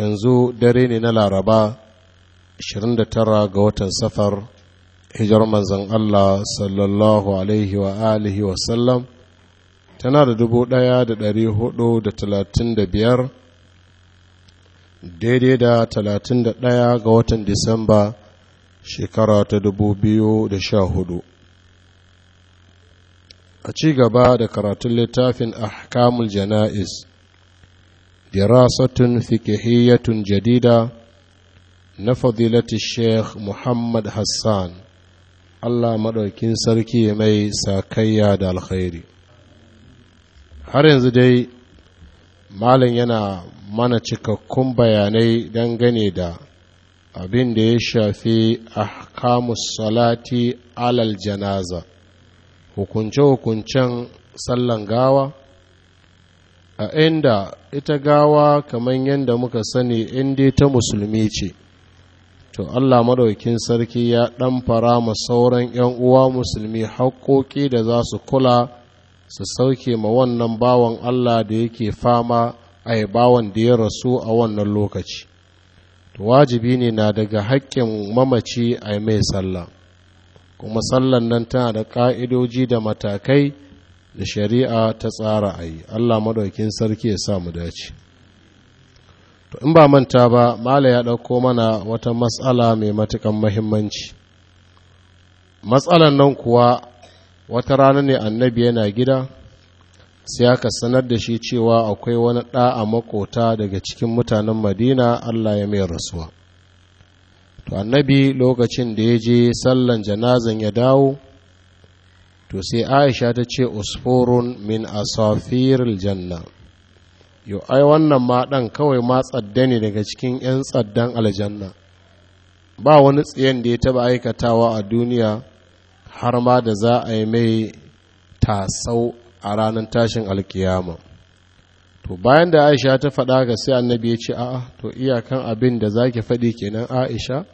yanzu dare ne na laraba 29 ga watan safar hijar manzan Allah sallallahu alaihi wa alihi wa sallam tana da dubu ɗaya da dari hudu da talatin da biyar daidai da talatin da ɗaya ga watan disamba shekara ta dubu biyu da sha hudu a ci gaba da karatun littafin ahkamul jana'is. دراسة فقهية جديدة نفضيلة الشيخ محمد حسان الله مدوكين سركي mai ساكيا da alkhairi. har yanzu dai malam yana mana cikakkun bayanai dangane da abin da ya shafi ahkamus salati alal janaza hukunce-hukuncen sallan gawa a inda ita gawa kamar yadda muka sani inda ta musulmi ce to Allah madaukin sarki ya ɗan fara ma sauran 'yan uwa musulmi haƙoƙi da za su kula su sauke ma wannan bawan Allah da yake fama a bawan da ya rasu a wannan lokaci to wajibi ne na daga haƙƙin mamaci a mai sallah kuma sallan nan tana da ƙa'idoji da matakai da shari'a ta tsara a yi allah madaukin sarki ya sa mu dace to in ba manta ba mala ya ɗauko mana wata matsala mai matukan mahimmanci matsalan nan kuwa wata rana ne annabi yana gida sai aka sanar da shi cewa akwai wani ɗa a makota daga cikin mutanen madina allah ya mai rasuwa to annabi lokacin da ya je sallan janazan ya dawo to sai aisha ta ce osforon min asafiril janna yo ai wannan ma dan kawai ma tsadda ne daga cikin 'yan tsaddan aljanna ba wani tsayen da ya taba aikatawa a duniya har ma da za a yi mai tasau a ranar tashin alkiyama to bayan da aisha ta faɗa ga sai annabi ya ce a'a to iyakan abin da za ki faɗi kenan aisha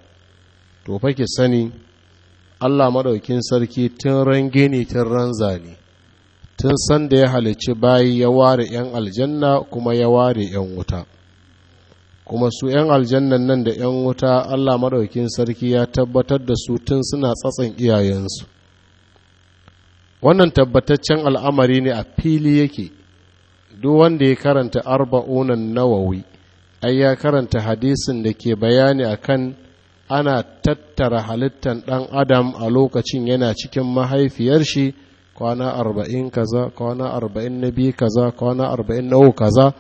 to fa ki sani Allah maɗaukin sarki tun rangini tun ranza ne tun sanda ya halicci bayi ya ware 'yan aljanna kuma ya ware 'yan wuta kuma su 'yan aljannan nan da 'yan wuta Allah maɗaukin sarki ya tabbatar da su tun suna tsatsan iyayensu wannan tabbataccen al'amari ne a fili yake duk wanda ya karanta arba'unan nawawi ai ya karanta hadisin da ke bayani akan ana tattara halittar ɗan adam a lokacin yana cikin mahaifiyar shi kwana arba'in kaza kwana arba'in na biyu kaza kwana arba'in na kaza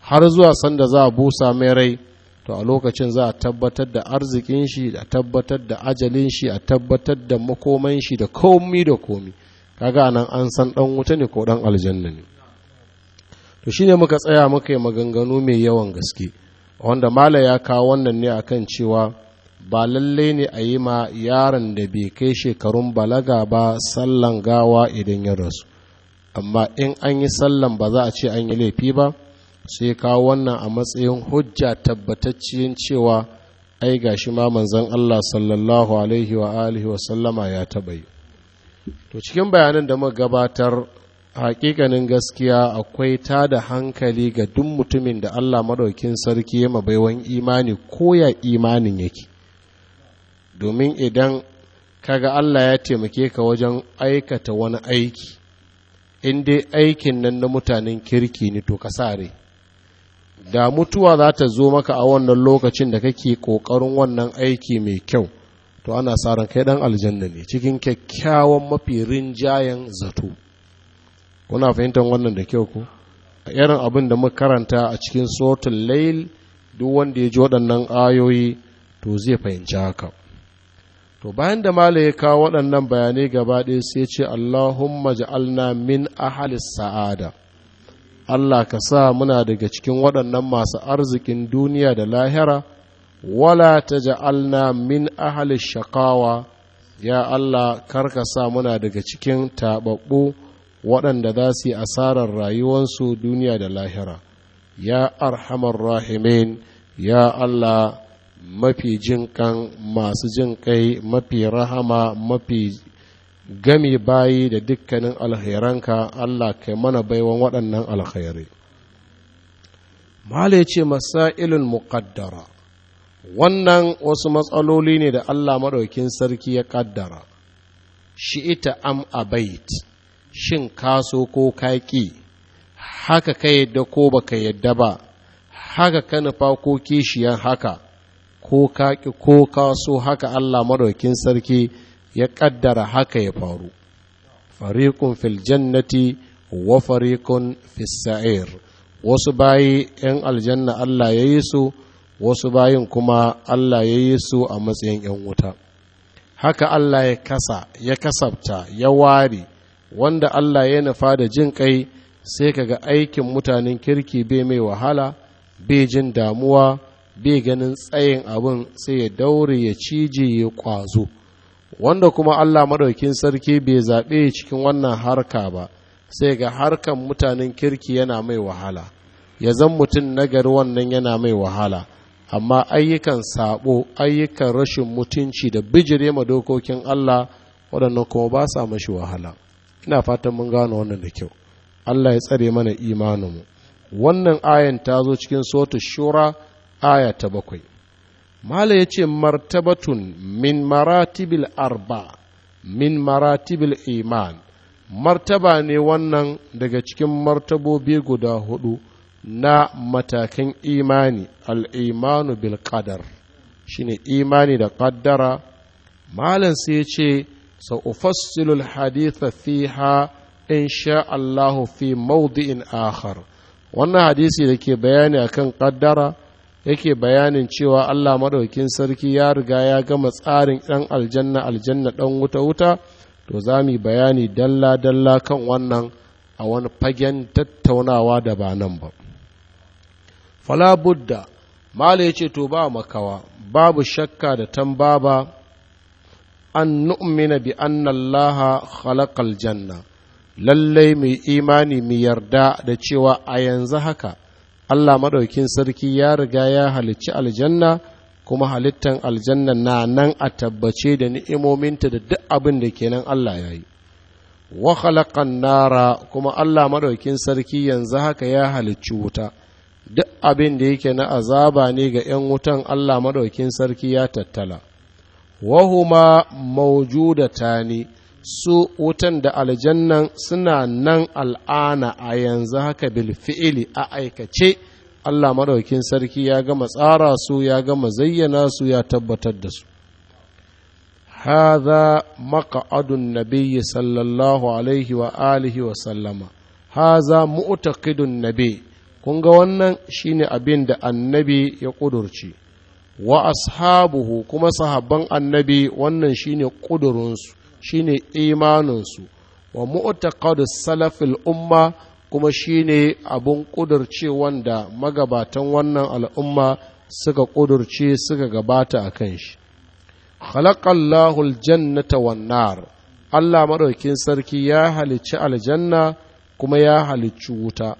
har zuwa sanda za a busa mai rai to a lokacin za a tabbatar da arzikin shi a tabbatar da ajalin shi a tabbatar da makoman shi da komi da komi kaga Nan an san ɗan wuta ne ko dan aljanna ne to shine muka tsaya muka yi maganganu mai yawan gaske wanda mala ya kawo wannan ne akan cewa ba lalle ne a yi ma yaron da bai kai shekarun balaga ba sallan gawa idan ya rasu amma in an yi sallan ba za a ce an yi laifi ba sai kawo wannan a matsayin hujja tabbatacciyin cewa ai gashi ma manzon Allah sallallahu alaihi wa alihi wa sallama ya taba yi to cikin bayanan da muka gabatar hakikanin gaskiya akwai ta da hankali ga duk mutumin da Allah madaukin sarki ya mabaiwan imani ko ya imanin yake domin idan kaga Allah ya taimake ka wajen aikata wani aiki in dai aikin nan na mutanen kirki ne to ka re da mutuwa za ta zo maka a wannan lokacin da kake ƙoƙarin wannan aiki mai kyau to ana sa ran kai dan aljanna ne cikin kyakkyawan mafi rinjayen zato kuna fahimtar wannan da kyau ko a irin abin da muka karanta a cikin suratul lail duk wanda ya ji waɗannan ayoyi to zai fahimci haka to bayan da mala ya kawo waɗannan bayanai gaba ɗaya sai ce Allahumma ja'alna min ahalis sa'ada Allah ka sa muna daga cikin waɗannan masu arzikin duniya da lahira wala ta ja'alna min ahalis shakawa ya Allah karka sa muna daga cikin taɓaɓɓu waɗanda za su yi asarar rayuwansu duniya da lahira ya arhamar rahimin ya Allah mafi jin kan masu jin kai mafi rahama mafi gami bayi da dukkanin alheranka Allah kai mana baiwan waɗannan alkhairai mala ya ce masailun muƙaddara wannan wasu matsaloli ne da Allah maɗaukin sarki ya ƙaddara shi ita am abait shin kaso ko kaƙi haka ka yadda ko baka yadda ba haka ka nufa ko kishiyan haka ko ka ki ko ka so haka Allah madaukin sarki ya kaddara haka ya faru fariqun fil jannati wa fariqun fis sa'ir wasu bayi yan aljanna Allah ya yi su wasu bayin kuma Allah ya yi su a matsayin yan wuta haka Allah ya kasa ya kasabta ya ware wanda Allah ya nufa da jin kai sai kaga aikin mutanen kirki bai mai wahala bai jin damuwa bai ganin tsayin abin sai ya daure ya cije ya kwazo wanda kuma Allah maɗaukin sarki bai zaɓe cikin wannan harka ba sai ga harkan mutanen kirki yana mai wahala ya zan mutum nagari wannan yana mai wahala amma ayyukan sabo ayyukan rashin mutunci da bijire ma dokokin Allah waɗannan kuma ba sa mashi wahala ina fatan mun gano wannan da kyau Allah ya tsare mana imaninmu wannan ayan ta zo cikin sotu shura aya ta bakwai mala ya ce martabatun min maratibil arba min maratibil iman martaba ne wannan daga cikin martabobi guda hudu na matakan imani al'imanu bil qadar shine imani da ƙaddara malam sai ce sa'ufassilul haditha fiha in sha Allahu fi maudi'in akhar wannan hadisi da ke bayani akan ƙaddara yake bayanin cewa Allah maɗaukin sarki ya riga ya gama tsarin ɗan aljanna aljanna ɗan wuta-wuta to za mu bayani dalla-dalla kan wannan a wani fagen tattaunawa da ba nan ba fala budda mala ya ce to ba makawa babu shakka da tambaba an nu'mina bi annallaha khalaqal janna lallai mai imani mai yarda da cewa a yanzu haka Allah maɗaukin sarki ya riga ya halicci aljanna kuma halittan aljanna na nan a tabbace da ni'imominta da duk abin da kenan Allah ya yi wa nara kuma Allah maɗaukin sarki yanzu haka ya halicci wuta duk abin da yake na azaba ne ga 'yan wutan Allah maɗaukin sarki ya tattala wahuma maujudatani ne su wutan da aljannan suna nan al'ana a yanzu haka bilfi'ili a aikace Allah maɗaukin sarki ya gama tsara su ya gama zayyana su ya tabbatar da su haza maka'adun nabiyyi sallallahu alaihi wa alihi wa sallama haza mu'taqidun nabi kun ga wannan shine abin da annabi ya kudurci wa ashabuhu kuma sahabban annabi wannan shine ƙudurinsu shine imaninsu wa mu'taqadu salafil umma kuma shine abun kudurce wanda magabatan wannan al'umma suka ƙudurce suka gabata a kan shi khalaqallahu aljannata wan nar Allah maɗaukin sarki ya halicci aljanna kuma ya halicci wuta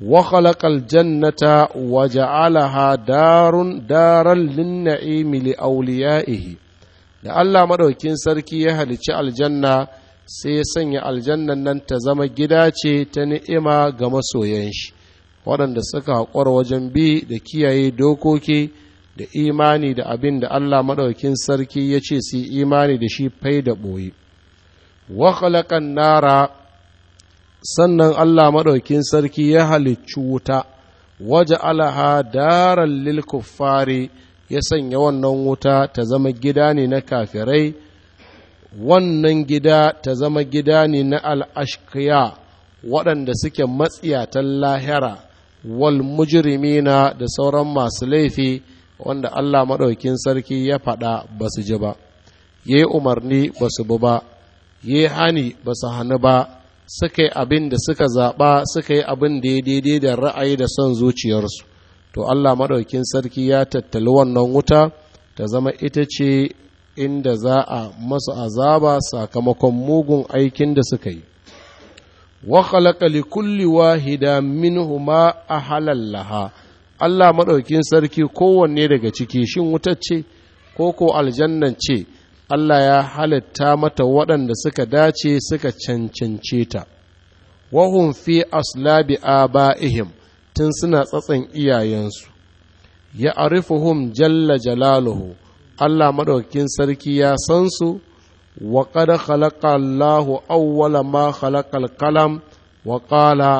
wa khalaqal jannata wa ja'alaha darun daran lin na'imi li awliya'ihi da Allah maɗaukin sarki ya halicci aljanna sai ya sanya aljannan nan ta zama gida ce ta ni'ima ga masoyan shi waɗanda suka haƙura wajen bi da kiyaye dokoki da imani da abin da Allah maɗaukin sarki ya ce su imani da shi fai da ɓoye waƙalaƙan nara sannan Allah maɗaukin sarki ya halicci wuta waje alaha daren lil kuffari ya sanya wannan wuta ta zama gida ne na kafirai wannan gida ta zama gida ne na al'ashkiya waɗanda suke matsiyatan lahira wal na da sauran masu laifi wanda Allah maɗaukin sarki ya faɗa ba su ji ba yi umarni ba su bu ba yi hani ba su hannu ba suka yi abin da suka zaɓa suka yi abin da ya daidai da ra'ayi da son zuciyarsu to Allah maɗaukin sarki ya tattali wannan wuta ta zama ita ce inda za a masu azaba sakamakon mugun aikin da suka yi wa khalaqa li kulli wahida minhuma ahalan laha Allah maɗaukin sarki kowanne daga ciki shin wutar ce ko ko aljannan ce Allah ya halitta mata waɗanda suka dace suka cancance ta Wahun fi aslabi aba'ihim tun suna tsatsan iyayensu ya arifuhum jalla jalaluhu Allah maɗaukin sarki ya san su wa qad khalaqa Allahu awwala ma khalaqal kalam wa qala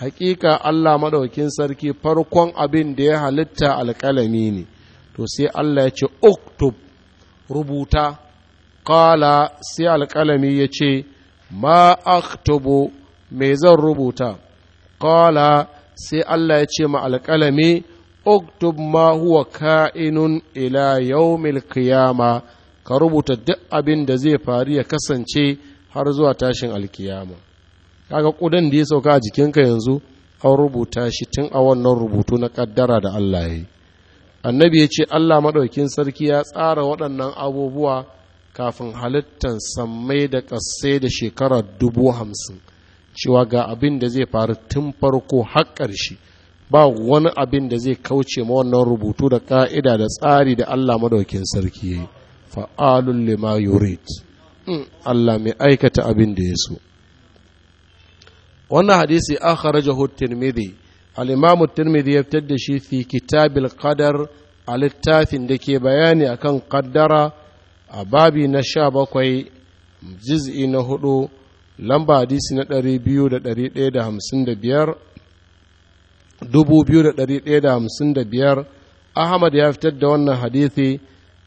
haƙiƙa Allah maɗaukin sarki farkon abin da ya halitta alƙalami ne to sai Allah ya ce uktub rubuta qala sai alƙalami ya ce ma aktubu me zan rubuta qala sai Allah ya ce ma alƙalami uktub ma huwa ka'inun ila yawmil kiyama ka rubuta duk abin da zai faru ya kasance har zuwa tashin alkiyama kaga ƙudan da ya sauka a jikinka yanzu an rubuta shi tun a wannan rubutu na ƙaddara da Allah ya yi annabi ya ce Allah maɗaukin sarki ya tsara waɗannan abubuwa kafin halittar sammai da ƙasai da shekarar dubu hamsin cewa ga abin da zai faru tun farko har ƙarshe ba wani abin da zai kauce ma wannan rubutu da ƙa'ida da tsari da Allah madaukin sarki yi fa’alun lima yurid hmm, Allah mai aikata abin da ya so wannan hadisi akhrajahu at-tirmidhi al-imam at-tirmidhi ya fitar da shi fi kitabil kadar a littafin da ke bayani a kan kaddara a babi na sha bakwai jiz'i na hudu. lamba hadisi na 2155 2155 ahmad ya fitar da wannan hadisi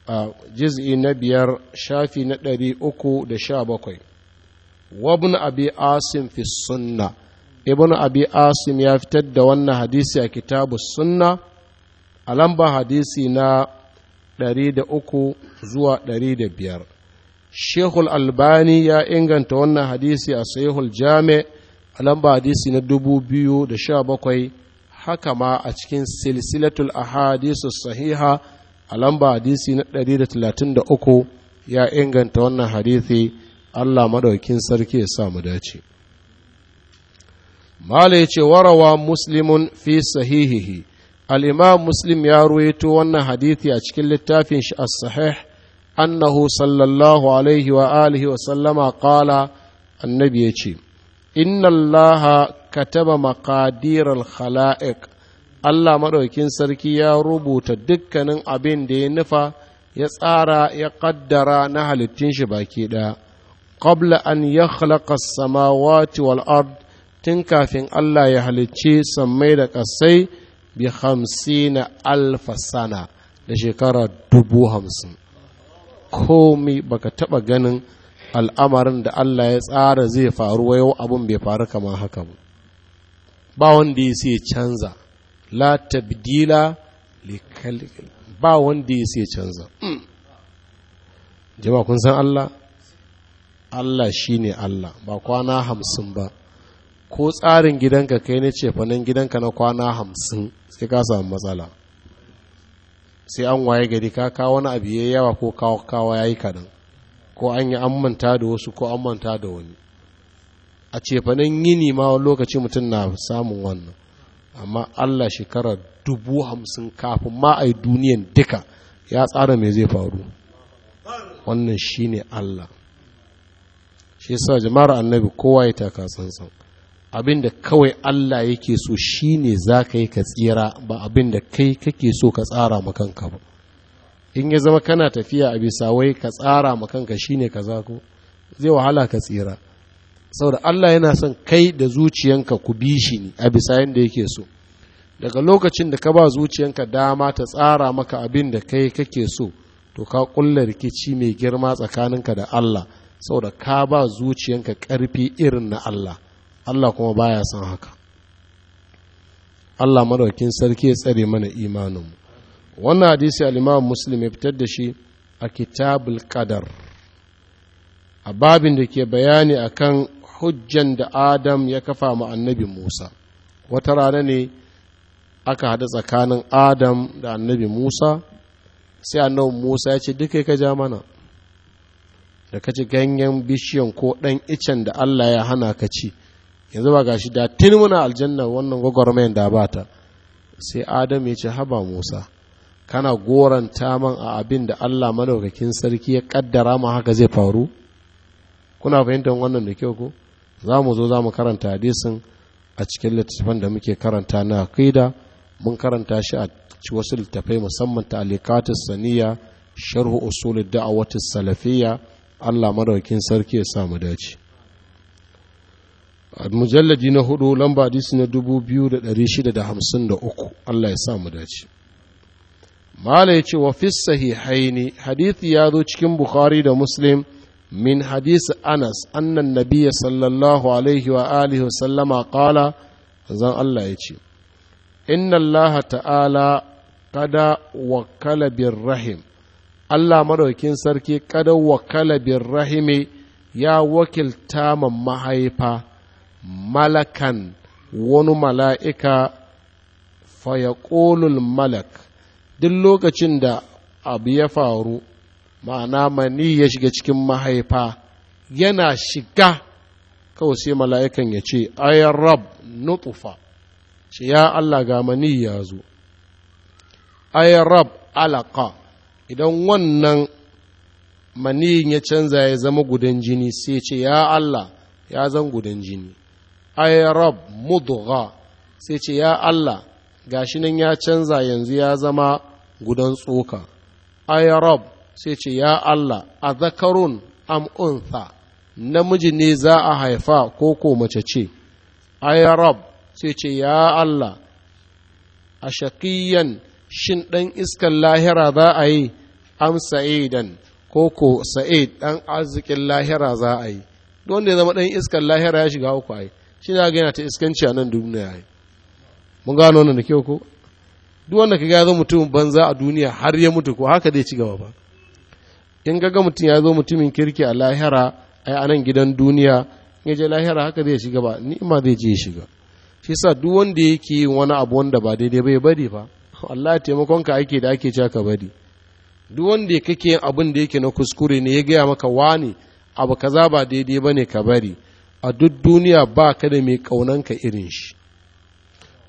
a jiz'i na biyar shafi na 317 wabin abi asim fi sunna ibn abi asim ya fitar da wannan hadisi a kitabu sunna a lamba hadisi na 300 zuwa 500 shekul albani ya inganta wannan hadisi a sahihul jami a lamba hadisi na 2017 haka ma a cikin silsilatul ahadisu sahiha a lamba hadisi na 133 ya inganta wannan hadisi Allah madaukin sarki ya sa mu dace Mala ce warawa muslimun fi sahihihi al-imam muslim ya ruwaito wannan hadisi a cikin littafin shi as-sahih annahu sallallahu alaihi wa alihi wa sallama qala annabi ya ce inna allaha kataba maqadir khalaiq Allah maɗaukin sarki ya rubuta dukkanin abin da ya nufa ya tsara ya ƙaddara na halittun shi baki ɗaya kabla an ya as-samawati wal ard tun kafin Allah ya halicci sammai da ƙasai bi hamsina alfa sana da shekara dubu hamsin komi baka taba ganin al'amarin da Allah ya tsara zai faru yau abun bai faru kamar haka ba ba wanda ya sai canza la tabdila ba wanda ya sai canza jama'a kun san Allah Allah shine Allah ba kwana hamsin ba ko tsarin gidanka kai ne ce gidanka na kwana hamsin sai ka samu matsala sai an waye gari ka kawo wani abu ya yawa ko kawo kawo ya yi kaɗan ko an yi an manta da wasu ko an manta da wani a cefanen yini ma wani lokaci mutum na samun wannan amma allah shekara dubu hamsin kafin ma a yi duniyan duka ya tsara mai zai faru wannan shine allah shi sa jama'ar annabi kowa ya taka tsantsan abin da kawai Allah yake so shi ne za ka yi ka tsira ba abin da kai kake so ka tsara makanka ba in ya zama kana tafiya a bisa wai ka tsara makanka shi ne ka zako zai wahala ka tsira saboda Allah yana son kai da zuciyanka ku bi shi ne a bisa yadda yake so daga lokacin da ka ba zuciyanka dama ta tsara maka abin da kai kake so to ka kulla rikici mai girma tsakaninka da Allah saboda ka ba zuciyanka ƙarfi irin na Allah Allah kuma baya son haka Allah madaukin sarki ya tsare mana imaninmu wannan hadisi al-Imam Muslim ya fitar da shi a Kitabul Qadar a babin da ke bayani akan hujjan da Adam ya kafa ma annabi Musa wata rana ne aka hada tsakanin Adam da annabi Musa sai annabi Musa ya ce duka ka ja mana da ka ganyen bishiyan ko ɗan icen da Allah ya hana ka ci yanzu ba gashi da tun muna aljanna wannan gwagwarmayan da ba ta sai adam ya ce haba musa kana goranta man a abin da allah madaukakin sarki ya kaddara ma haka zai faru kuna fahimtar wannan da kyau ko za mu zo za mu karanta hadisin a cikin littattafan da muke karanta na aqida mun karanta shi a wasu littattafai musamman ta alikatus saniya sharhu usul da'awatis salafiyya allah madaukakin sarki ya samu dace mujalladi na hudu lamba hadisi na 2653 Allah ya sa mu dace mala ya ce wa fi sahihaini hadisi ya zo cikin bukhari da muslim min hadisi anas annan nabiya sallallahu alaihi wa alihi wa sallama kala zan Allah ya inna Allah ta'ala kada wakala bin rahim Allah madaukin sarki kada wakala bin rahimi ya wakilta ma mahaifa malakan wani mala'ika ƙolul malak duk lokacin da abu ya faru ma'ana mani ya shiga cikin mahaifa yana shiga kawai sai mala'ikan ya ce ayar rab nutufa ce ya Allah ga mani ya zo ayar rab alaka idan wannan maniyin ya canza ya zama gudan jini sai ce ya Allah ya zan gudan jini ay rab mudgha sai ce ya Allah gashi nan ya canza yanzu ya zama gudan tsoka ay rab sai ce ya Allah a zakarun am untha namiji ne za a haifa ko ko mace ce ay rab sai ce ya Allah a shin ɗan iskan lahira za a yi am sa'idan ko ko sa'id ɗan arzikin lahira za a yi don da zama ɗan iskan lahira ya shiga uku ai shi da ga yana ta iskanci a nan duniya yi mun gano wannan da kyau ko duk wanda ka ga zo mutumin banza a duniya har ya mutu ko haka dai ci gaba ba in ga mutum ya zo mutumin kirki a lahira a a nan gidan duniya in je lahira haka zai shiga ba ni ma zai je shiga shi sa duk wanda yake yin wani abu wanda ba daidai bai bari fa Allah taimakon ka ake da ake caka bari duk wanda kake yin abin da yake na kuskure ne ya gaya maka wani abu kaza ba daidai bane ka bari a duk duniya ba ka da mai ƙaunanka irin shi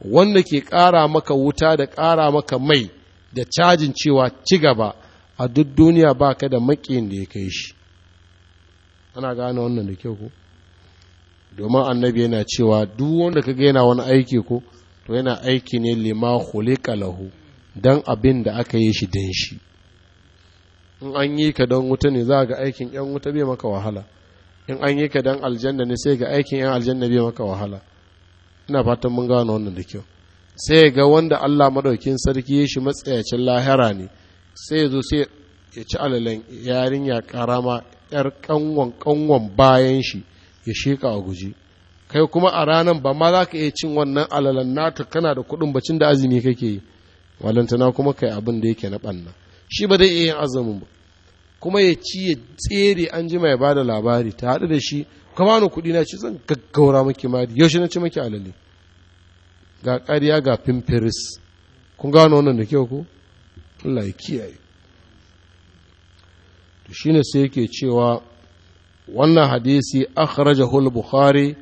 wanda ke ƙara maka wuta da ƙara maka mai da cajin cewa ci gaba a duk duniya ba ka da maƙiyin da ya kai shi ana gane wannan da kyau ko domin annabi yana cewa duk wanda ka yana wani aiki ko to yana aiki ne lima khuliqa lahu don abin da aka yi shi dan shi in an yi ka don wuta ne za ga aikin yan wuta bai maka wahala in an yi ka dan aljanna ne sai ga aikin yan aljanna bai maka wahala ina fatan mun gano wannan da kyau sai ga wanda Allah madaukin sarki ya shi matsayacin lahira ne sai zo sai ya ci alalan yarinya karama yar kanwon kanwan bayan shi ya sheka a guji kai kuma a ranar ba ma za ka iya cin wannan alalan nata kana da kuɗin bacin da azumi kake yi walantana kuma kai abin da yake na ɓanna shi ba zai iya yin azumin ba kuma ya ci ya tsere an ji mai bada labari ta haɗu da shi kama ni kuɗi na ci zan gaggaura maki mari yaushe na ci maki alale ga ƙarya ga fimfiris kun gano wannan da kyau ko Allah ya kiyaye to shine sai yake cewa wannan hadisi akhrajahu al-bukhari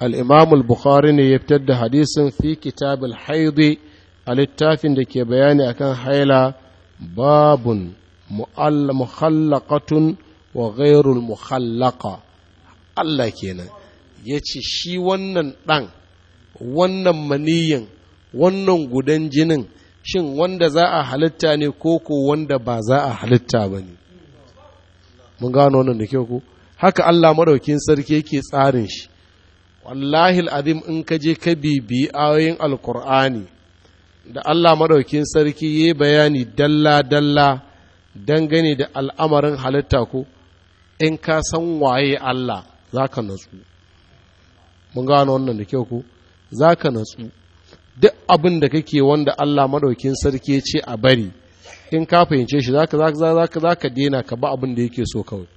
al-imam al-bukhari ne ya fitar da hadisin fi kitab al a littafin da ke bayani akan haila babun mukhallaqatun wa ghairul mukhallaqa Allah kenan yace shi wannan ɗan wannan maniyin wannan gudan jinin shin wanda za a halitta ne ko ko wanda ba za a halitta ba ne mun gano wannan da kyau ko haka Allah maɗaukin sarki yake tsarin shi wallahi azim in ka je ka bibi ayoyin alkur'ani da Allah maɗaukin sarki yayi bayani dalla dalla dangane da al'amarin halitta ko in ka san waye Allah za ka natsu mun gano wannan da kyau ko za ka natsu duk abin da kake wanda Allah maɗaukin sarki ya ce a bari in ka fahimce shi za ka dena ka ba abin da yake so kawai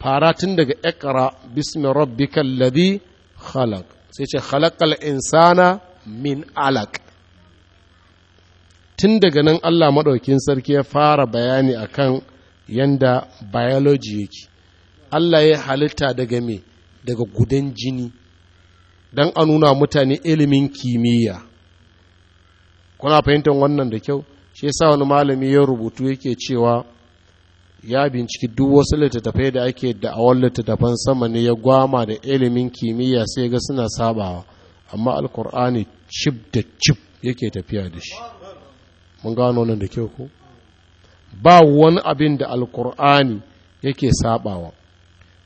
fara tun daga ikra bismi rabbikal ladhi khalaq sai ce khalaqal insana min alaq tun daga nan Allah maɗaukin sarki ya fara bayani a kan yadda biology yake Allah ya halitta daga me daga gudan jini don a nuna mutane ilimin kimiyya kuna fahimtar wannan da kyau shi yasa wani malami ya rubutu yake cewa ya binciki duk wasu littattafai da ake da'awar littattafan sama ne ya gwama da ilimin kimiyya sai ga suna sabawa amma alkur'ani cib da cib yake tafiya da shi mun gano nan da kyau ko ba wani abin da alkur'ani yake sabawa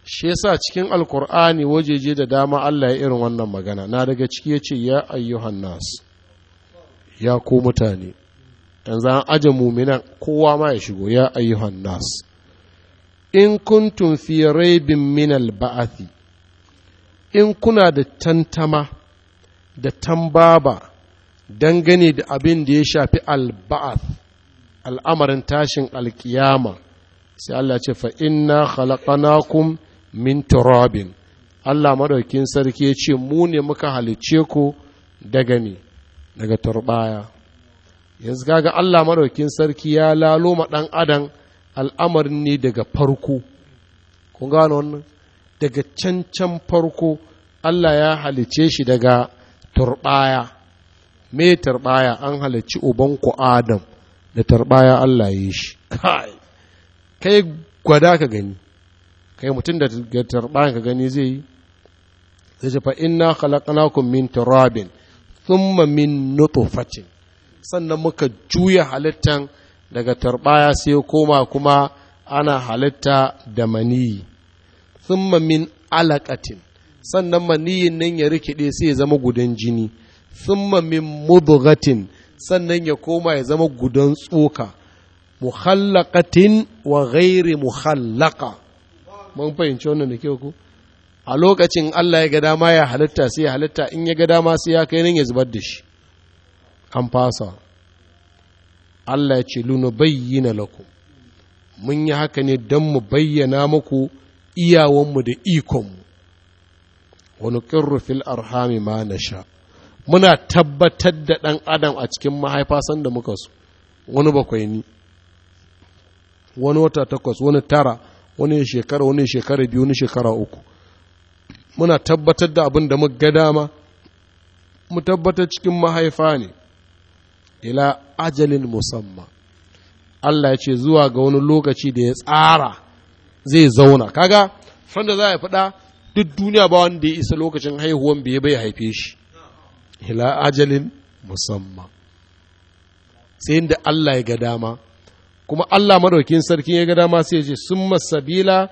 shi yasa cikin alkur'ani wajeje da dama Allah ya irin wannan magana na daga ciki ya ce ya ayyuhan nas ya ko mutane yanzu an aje muminan kowa ma ya shigo ya ayyuhan nas in kuntum fi raibin min al in kuna da tantama da tambaba dangane da abin da ya shafi alba'ath al'amarin tashin alkiyama sai Allah ce fa inna khalaqanakum min turabin Allah madaukin sarki ya ce mu ne muka halicce ku daga ne daga turbaya yanzu kaga Allah maɗaukin sarki ya lalo ma dan adam al'amarin ne daga farko kun gano wannan daga cancan farko Allah ya halice shi daga turbaya me tarbaya an halarci ubanku adam da tarbaya Allah ya yi shi kai kai gwada ka gani kai mutum da tarbaya ka gani zai yi zai fa inna khalaqnakum min turabin thumma min nutfatin sannan muka juya halittan daga tarbaya sai koma kuma ana halitta da maniyi thumma min alaqatin sannan maniyin nan ya rikide sai ya zama gudan jini thumma min mudghatin sannan ya koma ya zama gudan tsoka muhallaqatin wa ghairi muhallaqa mun fahimci wannan da kyau ku a lokacin Allah ya ga dama ya halitta sai ya halitta in ya ga dama sai ya kai nan ya zubar da shi an fasa Allah ya ce luna bayyana laku mun yi haka ne don mu bayyana muku iyawanmu da ikonmu wani ƙirru arhami ma na sha' muna tabbatar da ɗan adam a cikin mahaifa sanda muka su wani bakwai ni wani wata takwas wani tara wani shekara wani shekara biyu wani shekara uku muna tabbatar da abin da muka dama mu tabbatar cikin mahaifa ne ila ajalin musamman Allah ya ce zuwa ga wani lokaci da ya tsara zai zauna kaga fanda za a faɗa duk duniya ba wanda ya isa lokacin haihuwan bai bai haife shi ila ajalin musamman sai inda Allah ya ga dama kuma Allah madaukin sarkin ya ga dama sai ya ce summa sabila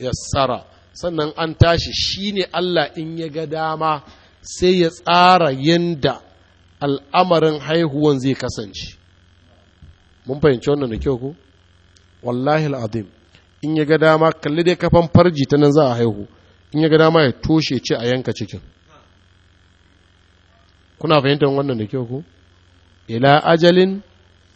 yassara sannan an tashi shine Allah in ya ga dama sai ya tsara yanda al'amarin haihuwan zai kasance mun fahimci wannan da kyau ko wallahi al'azim in ya ga dama kalli dai kafan farji ta nan za a haihu in ya ga dama ya toshe ce a yanka cikin kuna fahimtar wannan da kyau ku ila ajalin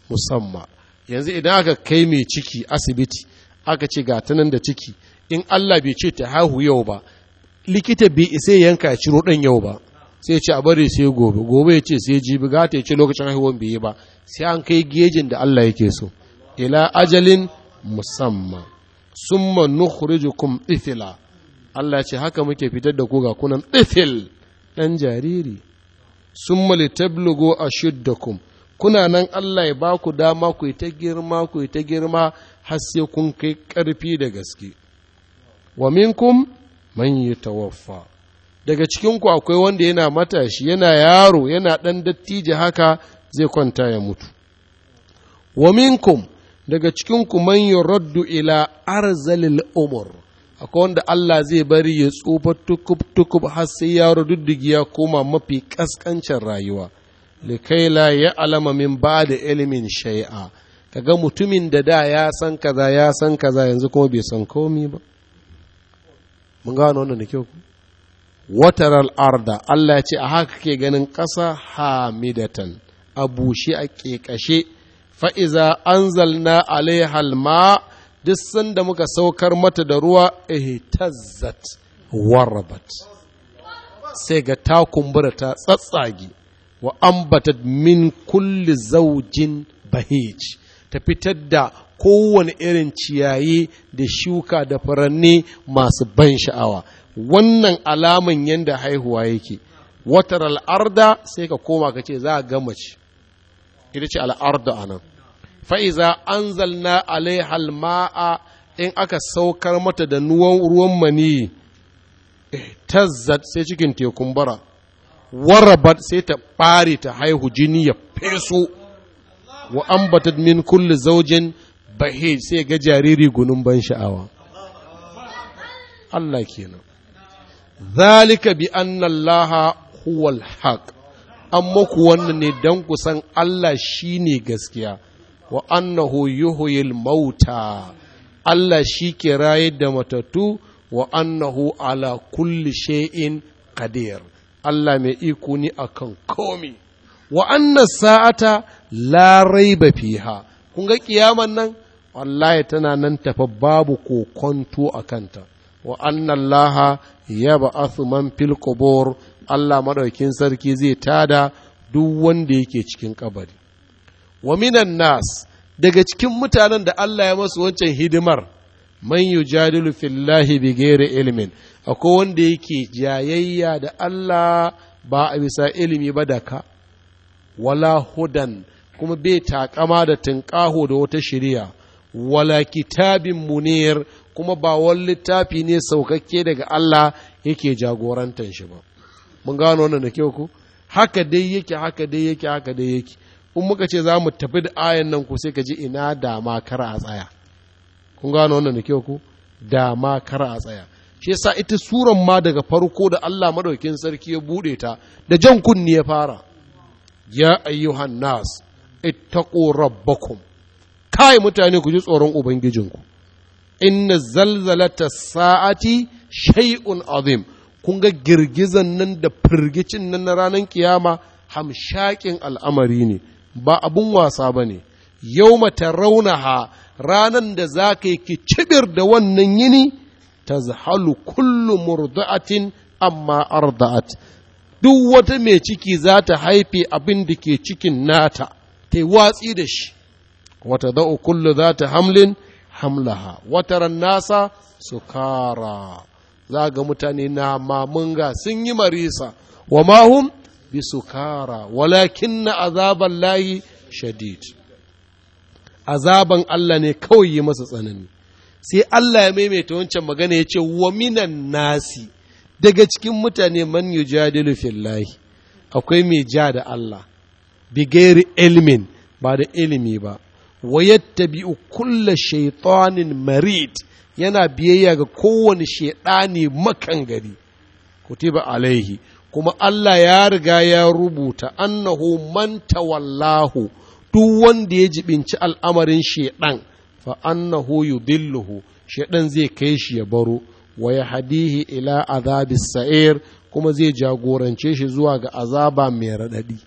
musamma yanzu idan aka kai mai ciki asibiti aka ce ga nan da ciki in Allah bai ce ta haihu yau ba likita bai isa yanka ya ciro ɗan yau ba sai ce a bari sai gobe gobe ya ce sai jibi gata ya ce lokacin haihuwan bai yi ba sai an kai gejin da Allah yake so ila ajalin musamma summa nukhrijukum ifila Allah ce haka muke fitar da ku ga kunan ifil ɗan jariri sun summa a shiddakum kuna nan Allah ya ba ku dama ku ta girma ku yi ta girma har sai kun kai ƙarfi da gaske wa minkum man yatawaffa daga cikin ku akwai wanda yana matashi yana yaro yana ɗan dattijo haka zai kwanta ya mutu wa minkum daga cikin ku man yuraddu ila arzalil umur akwai wanda Allah zai bari ya tsufa tukub tukub har sai yaro rududdigi ya koma mafi kaskancin rayuwa likaila ya alama min ba da ilimin shai'a kaga mutumin da da ya san kaza ya san kaza yanzu kuma bai san komi ba mun gano wannan da kyau wataral arda Allah ce a haka ke ganin ƙasa hamidatan a bushe a ƙeƙashe fa'iza an zalna alaihal ma duk sanda muka saukar mata da ruwa ihtazzat warabat sai ga ta kumbura ta tsatsage wa ambatat min kulli zaujin bahij ta fitar da kowane irin ciyayi da shuka da furanni masu ban sha'awa wannan alaman yadda haihuwa yake watar al'arda sai ka koma ka ce za a gama ce ita ce al'arda a nan fa'iza an zalna alaihal halma’a in aka saukar mata da ruwan mani tazzat sai cikin tekun bara warabat sai ta ɓare ta haihu jini ya feso wa ambatat min kulle zaujin bahe sai ga jariri gunun ban sha'awa Allah kenan zalika bi annallaha allaha huwal haq amma ku wannan ne dan kusan Allah shi ne gaskiya wa annahu yuhyil mauta Allah shi ke rayar da matattu wa annahu ala kulli shay'in qadir Allah mai iko ni akan komi wa anna sa'ata la raiba fiha kun ga kiyaman nan wallahi tana nan tafa babu kokonto a kanta wa anna Allah ya ba'athu man fil qubur Allah madaukin sarki zai tada duk wanda yake cikin kabari wa minan nas daga cikin mutanen da Allah ya masu wancan hidimar man yujadilu fillahi bi ghairi ilmin akwai wanda yake jayayya da Allah ba a bisa ilimi ba da ka wala hudan kuma bai takama da tunƙaho da wata shirya wala kitabin munir kuma ba wani littafi ne saukakke daga Allah yake jagorantar shi ba mun gano wannan da kyau ku haka dai yake haka dai yake haka dai yake in muka ce za mu tafi da ayan nan ku sai ka ji ina dama kar a tsaya kun gano wannan da kyau ku dama kar a tsaya shi yasa ita suran ma daga farko da Allah madaukin sarki ya bude ta da jan kunni ya fara ya ayyuhan nas ittaqu rabbakum kai mutane ku ji tsoron ubangijinku inna zalzalata sa'ati shay'un azim kun ga girgizan nan da firgicin nan na ranar kiyama hamshakin al'amari ne ba abun wasa ba ne yau mata raunaha ranan da za ka yi kicibir da wannan yini ta zahalu kullu murda'atin amma arda'at duk wata mai ciki za ta haife abin da ke cikin nata ta yi watsi da shi wata za'u kullu za ta hamlin hamlaha ran nasa su sukara za ga mutane na mamunga sun yi marisa wa mahum bi sukara walakin na azaban layi shadid azaban Allah ne kawai yi masa tsanani sai Allah ya maimaita wancan magana ya ce wa minan nasi daga cikin mutane man yujadilu fillahi akwai mai ja da Allah bigairi ilmin ba da ilimi ba wa yattabi'u kulla shaytanin marid yana biyayya ga kowane shaidani makan gari kutiba alaihi kuma Allah ya riga ya rubuta annahu man tawallahu duk wanda ya jibinci al'amarin shedan fa annahu yudilluhu shedan zai kai shi ya baro wa ya hadihi ila azabis sa'ir kuma zai jagorance shi zuwa ga azaba mai raɗaɗi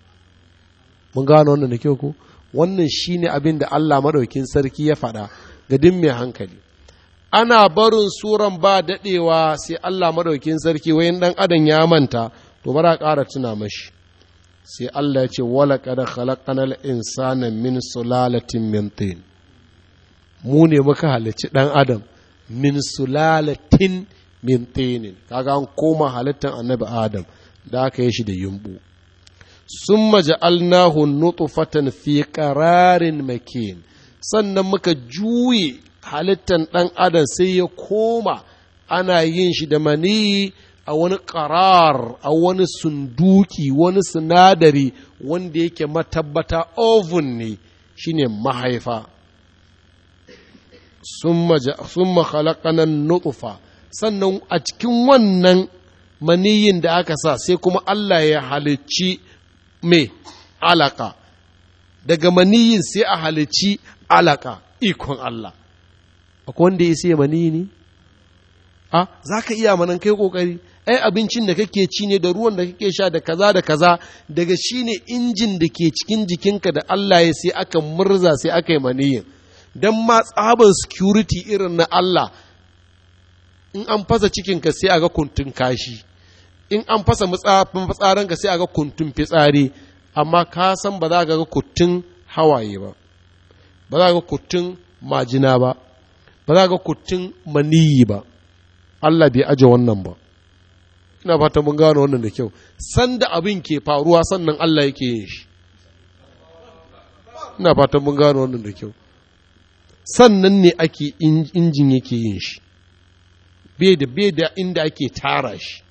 mun gano wannan da kyau ko wannan shine abin da Allah maɗaukin sarki ya faɗa ga din mai hankali ana barin suran ba daɗewa sai Allah maɗaukin sarki wayan ɗan adam ya manta to bara ƙara tuna mashi sai Allah ya ce wala kada khalaqanal insana min sulalatin min tin mu ne muka halicci dan adam min sulalatin min tin kaga an koma halittar annabi adam da aka yi shi da yumbu summa ja'alnahu nutfatan fi qararin makin sannan muka juye halittar ɗan adam sai ya koma ana yin shi da maniyi a wani ƙarar a wani sunduki wani sinadari wanda yake matabbata oven ne shine mahaifa sun makalakanan nutsufa sannan a cikin wannan maniyin da aka sa sai kuma Allah ya halicci mai alaka daga maniyin sai a halicci alaka ikon Allah akwai wanda ya sai maniyi ne a ah, za ka iya manan kai kokari ai abincin da kake ci ne da ruwan da kake sha da kaza da kaza daga shi ne injin da ke cikin jikinka da Allah ya sai aka murza sai aka yi maniyin don ma tsaban security irin na Allah in an fasa cikinka sai aga kuntun kashi in an fasa matsaranka sai aga kuntun fitsari amma ka san ba za ka ga kuntun hawaye ba ba za ka ga kuntun majina ba ba za ka ga kuntun maniyi ba Allah bai aje wannan ba ina fata mun gano wannan da kyau sanda abin ke faruwa sannan Allah yake yin shi ina fata mun gano wannan da kyau sannan ne ake injin yake yin shi bai da bai da inda ake tara shi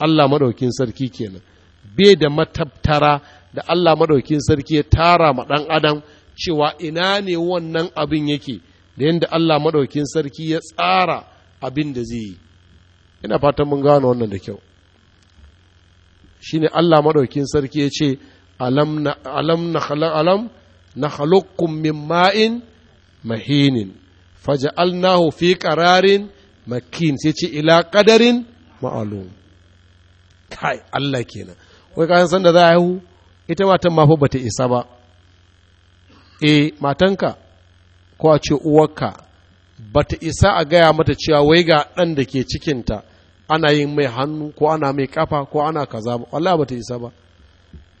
Allah madaukin sarki kenan bai da matattara da Allah madaukin sarki ya tara ma dan adam cewa ina ne wannan abin yake da yadda Allah madaukin sarki ya tsara abin da zai yi ina fatan mun gano wannan da kyau ne Allah maɗaukin sarki ya ce alam na alam na halukkun na khalaqkum min ma'in mahinin faj'alnahu fi ƙararin makin sai ce ila ƙadarin ma'lum kai Allah kenan wai kayan san da za a haihu ita matan ma ba bata isa ba e matanka ko a ce uwarka bata isa a gaya mata cewa wai ga ɗan da ke cikinta ana yin mai hannu ko ana mai kafa ko ana kaza ba wallahi bata isa ba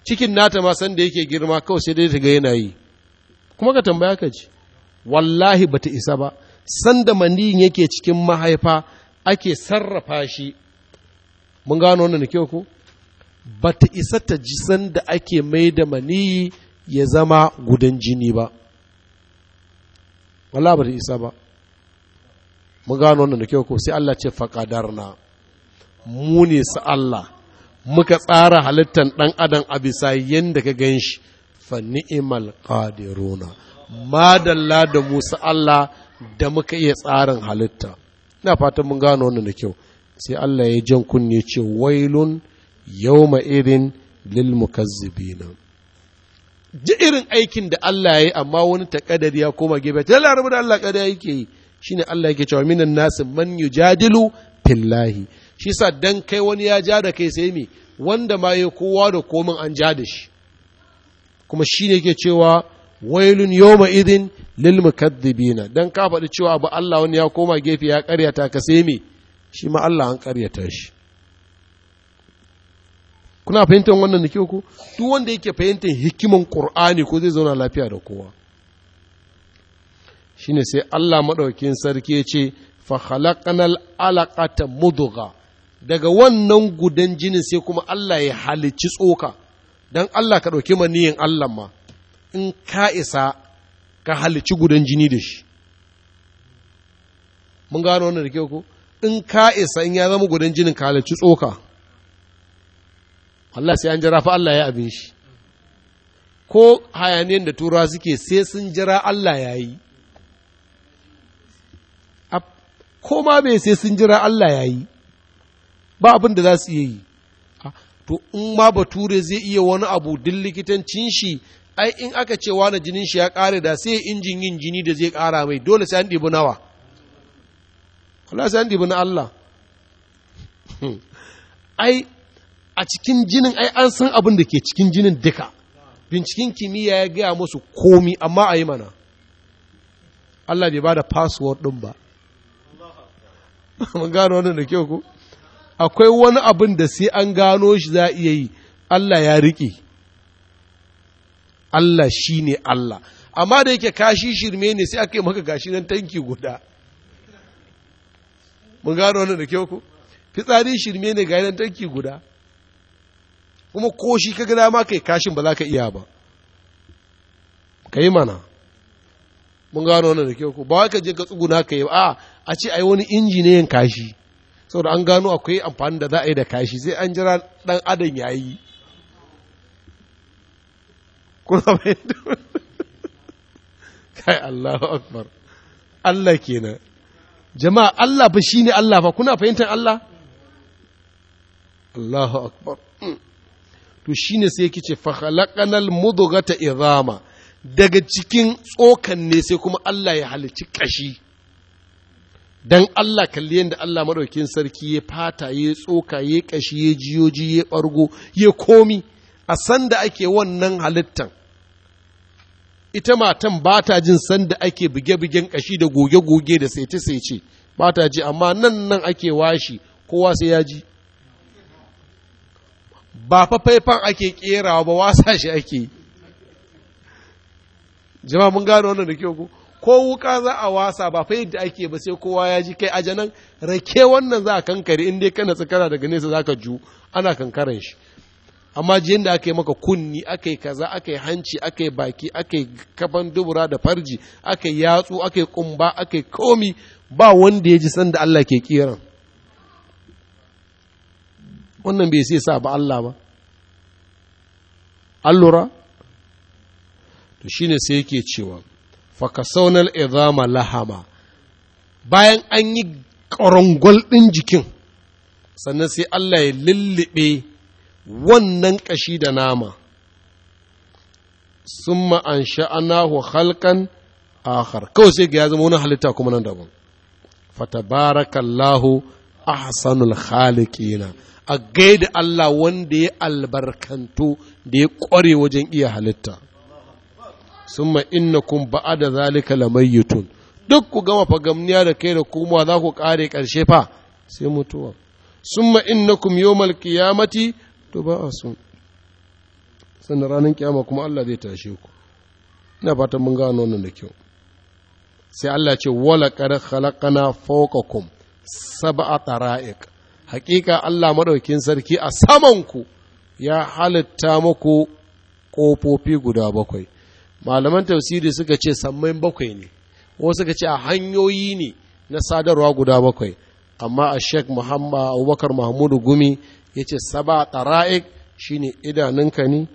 cikin nata ma sanda yake girma kawai sai dai ta ga yana yi kuma ka tambaya ka ji wallahi bata isa ba san da yake cikin mahaifa ake sarrafa shi mun gano wannan kyau ko bata isa ta ji san ake mai da maniyi ya zama gudan jini ba wallahi bata isa ba mun gano wannan kyau ko sai Allah ce faqadarna mu ne su Allah muka tsara halittar ɗan adam a bisa yadda ka gan shi fa ni'imal qadiruna madalla da mu su Allah da muka iya tsarin halitta ina fatan mun gano wannan da kyau sai Allah ya jan kunne ce wailun yawma irin lil mukazzibina ji irin aikin da Allah ya yi amma wani takadar ya koma gefe ta larabu da Allah kada yake yi shine Allah yake cewa minan nasu man yujadilu fillahi shi sa dan kai wani ya ja da kai sai me wanda ma ya kowa da komin an ja da shi kuma shi ne ke cewa wailun yawma idin lil mukaddibina dan ka faɗi cewa ba Allah wani ya koma gefe ya karyata ka sai me shi ma Allah an karyata shi kuna fahimtar wannan da ku duk wanda yake fahimtar hikiman Qur'ani ko zai zauna lafiya da kowa shine sai Allah madaukakin sarki ya ce fa khalaqnal alaqata mudugha daga wannan gudan jinin sai kuma Allah ya halicci tsoka dan Allah ka ɗauki maniyin Allah ma in ka isa ka halicci gudan jini da shi mun gano wannan da kyau ko in ka isa in ya zama gudan jinin ka halicci tsoka Allah sai an jira fa Allah ya abin shi ko hayaniyar da turawa suke sai sun jira Allah ya ko ma bai sai sun jira Allah ya yi ba abin da za su yi ah, to in ma bature zai iya wani abu din likitancin shi ai in aka ce wani jinin shi ya ƙare da sai injin yin jini da zai ƙara mai dole sai an ɗibi nawa Kula sai an ɗibi na Allah ai a cikin jinin ai an san abin da ke cikin jinin duka binciken kimiyya ya gaya musu komi amma a yi mana Allah bai ba da password ɗin ba mun gano wannan da kyau ko akwai wani abin da sai an gano shi za a iya yi Allah ya riƙe Allah shi ne Allah amma da yake kashi shirme ne sai aka yi maka gashi nan tanki guda mun gano wannan da kyau ko fitsari shirme ne ga nan tanki guda kuma ko shi ka gada ma kai kashin ba za ka iya ba ka yi mana mun gano wannan da kyau ko ba ka je ka tsuguna ka yi a a ce ai wani inji ne yin kashi saboda an gano akwai amfani da za a yi da kashi sai an jira dan adam ya yi kuna bai kai Allahu akbar Allah kenan jama'a Allah fa shine Allah fa kuna fahimtar Allah Allahu akbar mm. to shine sai yake ce fa khalaqanal mudghata idhama daga cikin tsokan ne sai kuma Allah ya halici ƙashi don Allah kalli yadda Allah maɗaukin sarki ya fata ya tsoka ya ƙashi ya jiyoji ya ɓargo ya komi a sanda ake wannan halittan ita matan ba ta jin sanda ake buge-bugen ƙashi da goge-goge da saice-saice ba ta ji amma nan nan ake washi kowa sai ya ji ba fa faifan ake kerawa ba wasa shi ake jama mun gano wannan da kyau ko ko wuka za a wasa ba fa yadda ake ba sai kowa ya ji kai aje nan rake wannan za a kankare in dai kana tsakara daga nesa za ka ju ana kankaran shi amma jiyan da aka yi maka kunni aka yi kaza aka yi hanci aka yi baki aka yi kaban dubura da farji aka yatsu aka yi kumba aka yi komi ba wanda ya ji san da Allah ke kiran wannan bai sai sa ba Allah ba allura to shine sai yake cewa fakasaunal idama lahama bayan an yi ƙarangol ɗin jikin sannan sai Allah ya lullube wannan ƙashi da nama sun ma'an sha'anahu halkan akhar kawai sai ga ya zama wani halitta kuma nan daban fatabarakallahu ahsanul khaliqina a gaida Allah wanda ya albarkantu da ya ƙware wajen iya halitta kun ba a da zalika lamayyitun duk ku gama fagamniya da kai da kuma za ku kare karshe fa sai mutuwa kun summa innakum yawmal qiyamati tuba'asun sannan ranar kiyama kuma Allah zai tashe ku ina fatan mun gano nan da kyau sai Allah ce wala qad khalaqana fawqakum sab'a tara'iq haƙiƙa Allah madaukin sarki a saman ku ya halitta muku ƙofofi guda bakwai malaman tausiri suka ce sammai bakwai ne wasu suka ce a hanyoyi ne na sadarwa guda bakwai amma a sheik muhammad abubakar mahmudu gumi ya ce saba tara'ik shine idanunka ne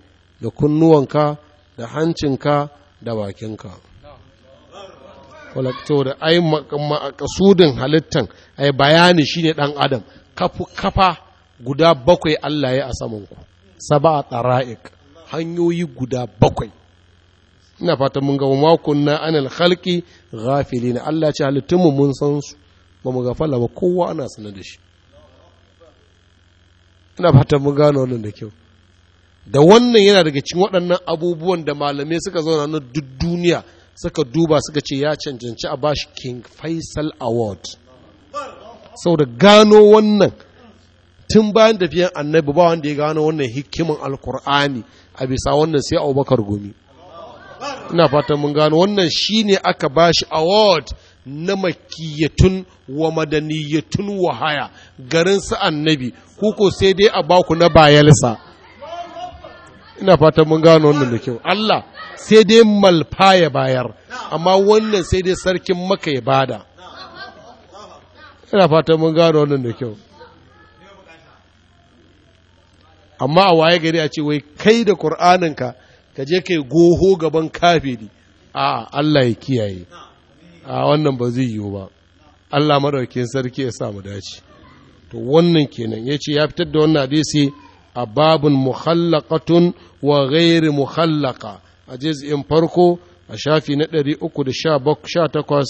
da kunnuwanka da hancinka da bakinka to da ai makasudin halittan ai bayani shine dan adam kafu kafa guda bakwai Allah ya a samanku saba tara'ik hanyoyi guda bakwai ina fatan mun ga wa kunna anil khalqi ghafilina Allah ya ce halittun mu mun san su ba mu gafala ba kowa ana sanar da shi ina fatan mun gano wannan da kyau da wannan yana daga cikin waɗannan abubuwan da malamai suka zauna na duk duniya suka duba suka ce ya cancanci a bashi King Faisal Award sau da gano wannan tun bayan tafiyan annabi ba wanda ya gano wannan hikimin alkur'ani a bisa wannan sai abubakar gumi ina fatan mun gano wannan shi ne aka bashi award na makiyatun wa madaniyatun wahaya garin su annabi kuko sai dai a baku na bayelsa ina fatan mun gano wannan da kyau Allah sai dai malfa ya bayar amma wannan sai dai sarkin maka ya bada ina fatan mun gano wannan da kyau amma a waye gari a ce wai kai da ƙur'aninka ka je kai goho gaban kafiri a Allah ya kiyaye a wannan ba zai yiwu ba Allah madaukin sarki ya sa mu dace to wannan kenan ya ce ya fitar da wannan hadisi a babun muhallakatun wa ghairi muhallaka a juz'in farko a shafi na 318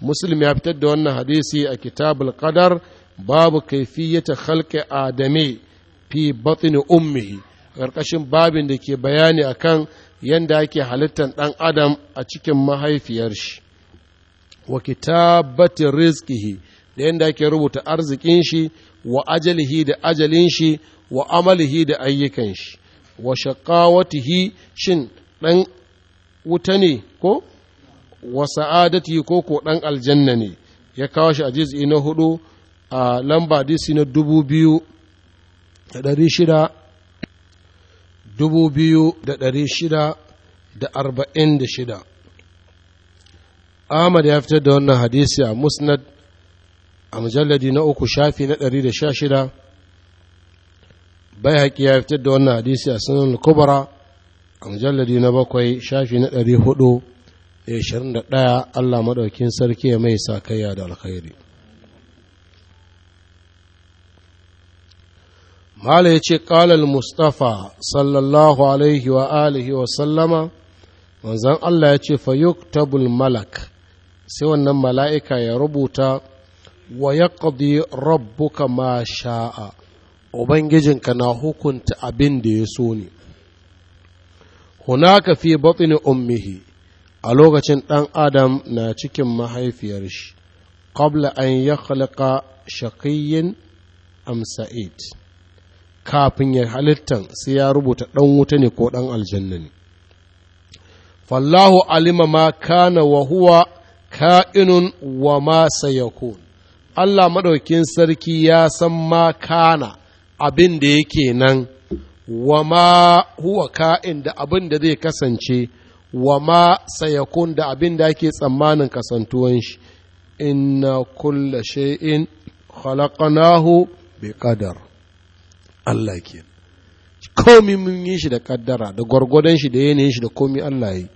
muslim ya fitar da wannan hadisi a kitabul qadar babu kaifiyata khalqi adami fi batni ummihi ƙarƙashin babin da ke bayani a kan yadda ake halittar ɗan adam a cikin mahaifiyar shi wa kitabati rizqihi da yadda ake rubuta arzikin shi wa ajalihi da ajalin shi wa amalihi da ayyukan shi wa shaqawatihi shin ɗan wuta ne ko wa sa'adati ko ko ɗan aljanna ne ya kawo shi a jiz'i na hudu a lamba disi na dubu biyu da ɗari shida dubu biyu da ɗari shida da arba'in da shida ahmad ya fitar da wannan hadisi a musnad a mujalladi na uku shafi na ɗari da sha shida bai haƙi ya fitar da wannan hadisi a sunan kubara a mujalladi na bakwai shafi na ɗari hudu da ishirin da ɗaya allah maɗaukin sarki ya mai sa kaiya da alkhairi mala ya ce ƙalal mustafa sallallahu alaihi wa alihi wa sallama manzan Allah ya ce fayuk tabul malak sai wannan mala'ika ya rubuta wa ya rabbuka ma sha'a ubangijinka na hukunta abin da ya so ne hunaka fi batni ummihi a lokacin ɗan adam na cikin mahaifiyar shi ƙabla an ya khalaqa shaqiyyin am sa'id kafin ya halitta sai ya rubuta ɗan wuta ne ko ɗan aljanna ne fallahu alima ma kana wa huwa ka'inun wa ma sayakun Allah maɗaukin sarki ya san ma kana abin da yake nan wa ma huwa ka'in da abin da zai kasance wa ma sayakun da abin da ake tsammanin kasantuwan shi inna kulla shay'in khalaqnahu bi qadar Allah ke komi mun yi shi da kaddara da gwargwadon shi da yanayin shi da komi Allah yi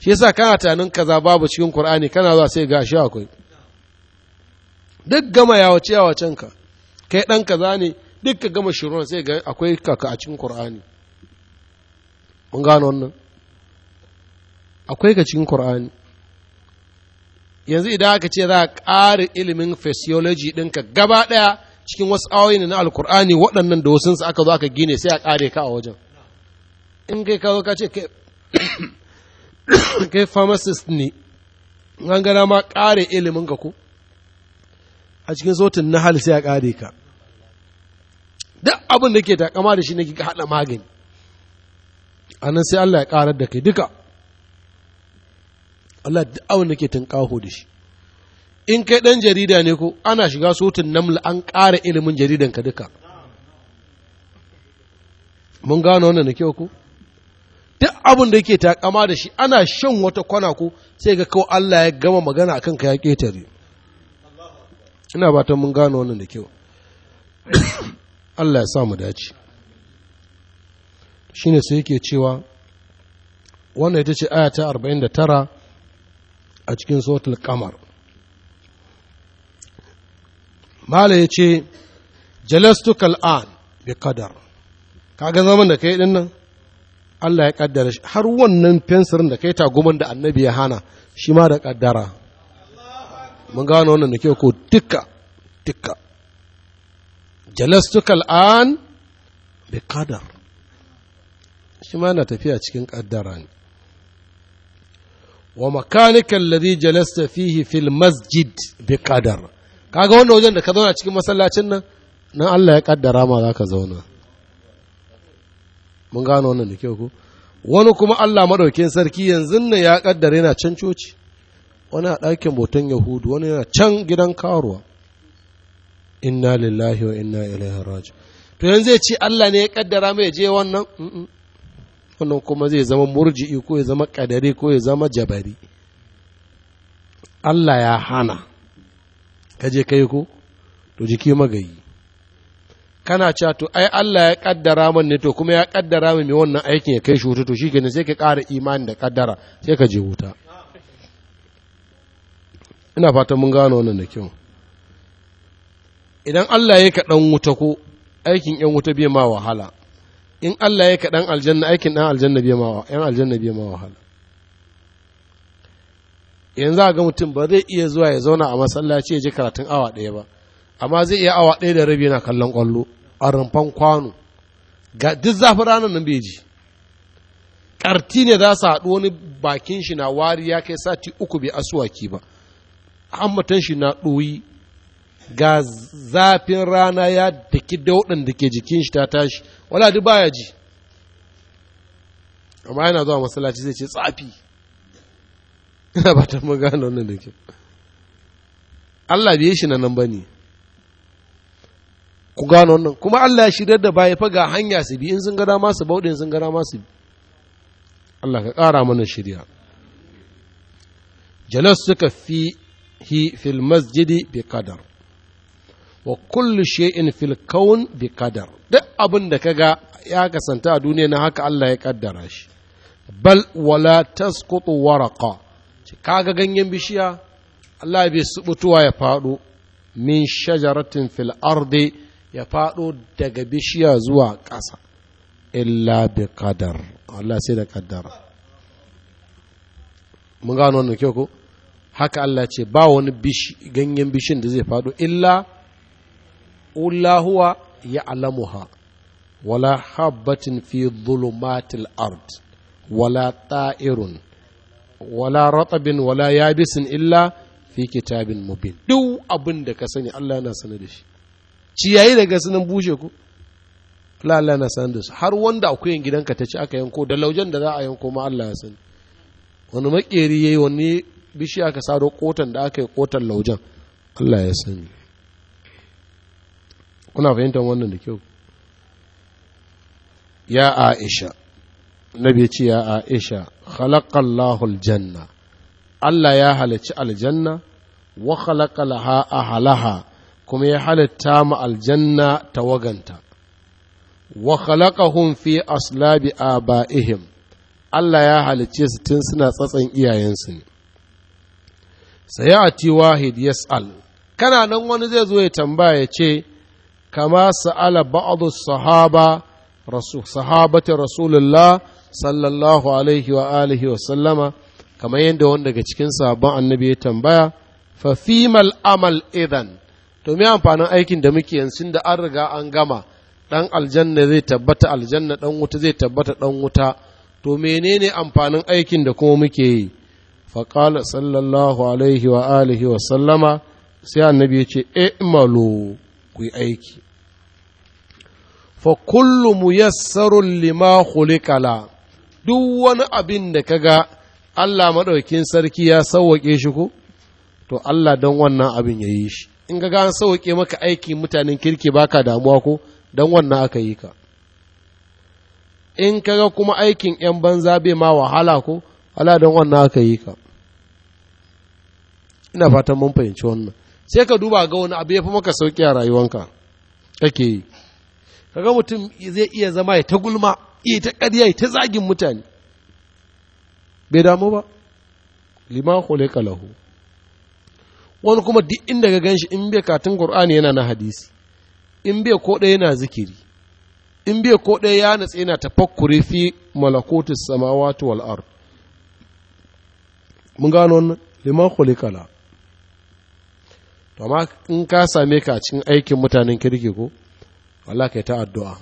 shi yasa kana tunanin kaza babu cikin Qur'ani kana zuwa sai ga shi akwai duk gama ya ya wacen ka kai dan kaza ne duk ka gama shirun sai ga akwai kaka a cikin Qur'ani mun gano wannan akwai ka cikin Qur'ani yanzu idan aka ce za a ƙara ilimin physiology ɗinka gaba ɗaya cikin wasu ayoyi na alkur'ani waɗannan da wasu su aka zo aka gine sai a ƙare ka a wajen in kai ka zo ka ce kai pharmacist ne an gana ma ƙare ilimin ka ko a cikin sautin na hali sai a ƙare ka duk abin da ke takama da shi ne ka haɗa magani a nan sai Allah ya ƙarar da kai duka Allah duk abin da ke tunƙaho da shi in kai ɗan jarida ne ko ana shiga sotun naml an ƙara ilimin jaridanka duka mun gano wannan da kyau ko duk abin da yake takama da shi ana shan wata kwana ko sai ga kawai Allah ya gama magana akan ka ya ƙetare ina fatan mun gano wannan da kyau Allah ya sa mu dace shine sai yake cewa wannan ita ce aya ta 49 a cikin suratul kamar mala ya ce jalastu kal'an bi kadar kaga zaman da kai dinnan Allah ya kaddara shi har wannan fensirin da kai tagumin da annabi ya hana shi ma da kaddara mun gano wannan da ke ko duka duka jalastu kal'an bi kadar shi ma na tafiya cikin kaddara ne wa makanikan alladhi jalasta fihi fil masjid bi kadar kaga wanda wajen da ka zauna cikin masallacin nan nan Allah ya kaddara ma za ka zauna mun gano wannan da kyau ko wani kuma Allah madaukin sarki yanzu nan ya kaddare na can coci wani a ɗakin boton yahudu wani yana can gidan karuwa inna lillahi wa inna ilaihi raji to yanzu ya ce Allah ne ya kaddara mai je wannan wannan kuma zai zama murji'i ko ya zama kadari ko ya zama jabari Allah ya hana ka je kai ko to jiki magayi kana cewa to ai Allah ya kaddara min ne to kuma ya kaddara min mai wannan aikin ya kai shi wuta to shikenan sai ka ƙara imani da kaddara sai ka je wuta ina fatan mun gano wannan da kyau idan Allah ya ka dan wuta ko aikin yan wuta bai ma wahala in Allah ya ka dan aljanna aikin dan aljanna bai ma yan aljanna bai ma wahala yanzu a ga mutum ba zai iya zuwa ya zauna a masallaci ya ji karatun awa ɗaya ba amma zai iya awa ɗaya da rabi yana kallon ƙwallo a rumfan kwano ga duk zafin ranar nan bai ji ƙarti ne za su haɗu wani bakin shi na wari ya kai sati uku bai asuwaki ba hammatan shi na ɗoyi ga zafin rana ya daki dauɗin da ke jikin shi ta tashi wala duk baya ji amma yana zuwa masallaci zai ce tsafi ina ba ta mun gano wannan da kyau Allah biye shi na nan bane ku gano wannan kuma Allah ya shirya da baya fa ga hanya su bi in sun ga dama su bauɗe in sun ga dama su bi Allah ka ƙara mana shirya jalas suka fi hi fil masjidi bi qadar wa kullu shay'in fil kawn bi qadar duk abin da kaga ya kasanta a duniya na haka Allah ya kaddara shi bal wala tasqutu waraqa kaga ganyen bishiya Allah bai subutuwa ya faɗo min shajaratin fil ardi ya faɗo daga bishiya zuwa ƙasa illa bi qadar Allah sai da kaddara mun gano wannan kyau ko haka Allah ce ba wani ganyen bishin da zai faɗo illa huwa ya alamuha wala habbatin fi dhulumatil ard wala ta'irun wala ratabin wala ya yabisin illa fi kitabin mubin duk abin da ka sani Allah yana sanar da shi ciyayi daga sunan bushe ku Allah Allah yana sanar da su har wanda akuyan gidanka ta ci aka yanko da laujen da za a yanko ma Allah ya sani wani makeri yayi wani bishi aka saro kotan da aka yi kotan laujen Allah ya sani kuna fahimtar wannan da kyau ya Aisha nabi ce ya aisha khalaqallahu aljanna Allah ya halicci aljanna wa khalaqa laha ahlaha kuma ya halitta ma aljanna tawaganta wa khalaqahum fi aslabi abaihim Allah ya halicce su tun suna tsatsan iyayensu ne sayati wahid yas'al kana nan wani zai zo ya tambaya ya ce kama sa'ala ba'adu sahaba rasu sahabati rasulullah sallallahu alaihi wa alihi wa sallama kamar yadda wanda daga cikin sabon annabi ya tambaya fa fimal amal idan to me amfanin aikin da muke yanzu da an riga an gama dan aljanna zai tabbata aljanna dan wuta zai tabbata dan wuta to menene amfanin aikin da kuma muke yi fa qala sallallahu alaihi wa alihi wa sallama sai annabi ya ce i'malu ku aiki fa kullu muyassarun lima khuliqala duk wani abin da ka ga Allah maɗaukin sarki ya sauwaƙe shi ko to Allah don wannan abin ya yi shi in ga an sauwaƙe maka aiki mutanen kirki baka damuwa ko don wannan aka yi ka in ka ga kuma aikin ‘yan banza bai ma wahala ko Allah don wannan aka yi ka ina fatan mun fahimci wannan sai ka duba ga wani abu ya fi maka sauƙi a rayuwanka kake yi Ka ga mutum zai iya zama ya ta gulma iya ta ƙarya ta zagin mutane bai damu ba liman khulika lahu wani kuma duk inda ga ganshi in bai katin qur'ani yana na hadisi in bai ko ɗaya yana zikiri in bai ko ɗaya ya natsa yana tafakkure fi malakutus samawati wal ard mun gano wannan liman khulika kala to amma in ka same ka a cikin aikin mutanen kirki ko Allah yi ta addu'a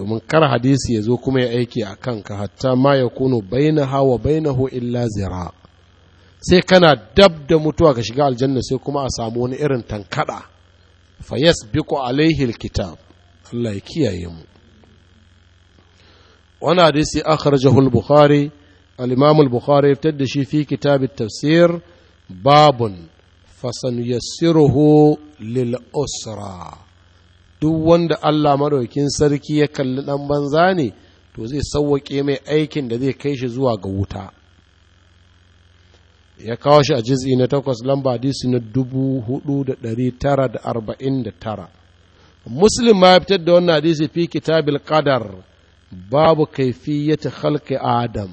domin kar hadisi ya zo kuma ya aiki a kanka hatta ma ya kuno baina hawa baina ho illa zira sai kana dab da mutuwa ka shiga aljanna sai kuma a samu wani irin tankada fa yasbiqu alaihi kitab Allah ya kiyaye mu wani hadisi a al-bukhari alimamul bukhari ya da shi fi kitab tafsir babun fasanuyassiruhu lil usra duk wanda Allah maraukin sarki ya kalli ɗan banza ne to zai sauwaƙe mai aikin da zai kai shi zuwa ga wuta ya kawo shi a jiz'i na takwas lamba hadisi na dubu hudu da ɗari tara da arba'in da tara muslim ma ya fitar da wannan hadisi fi kitabil qadar babu kaifiyyati khalqi adam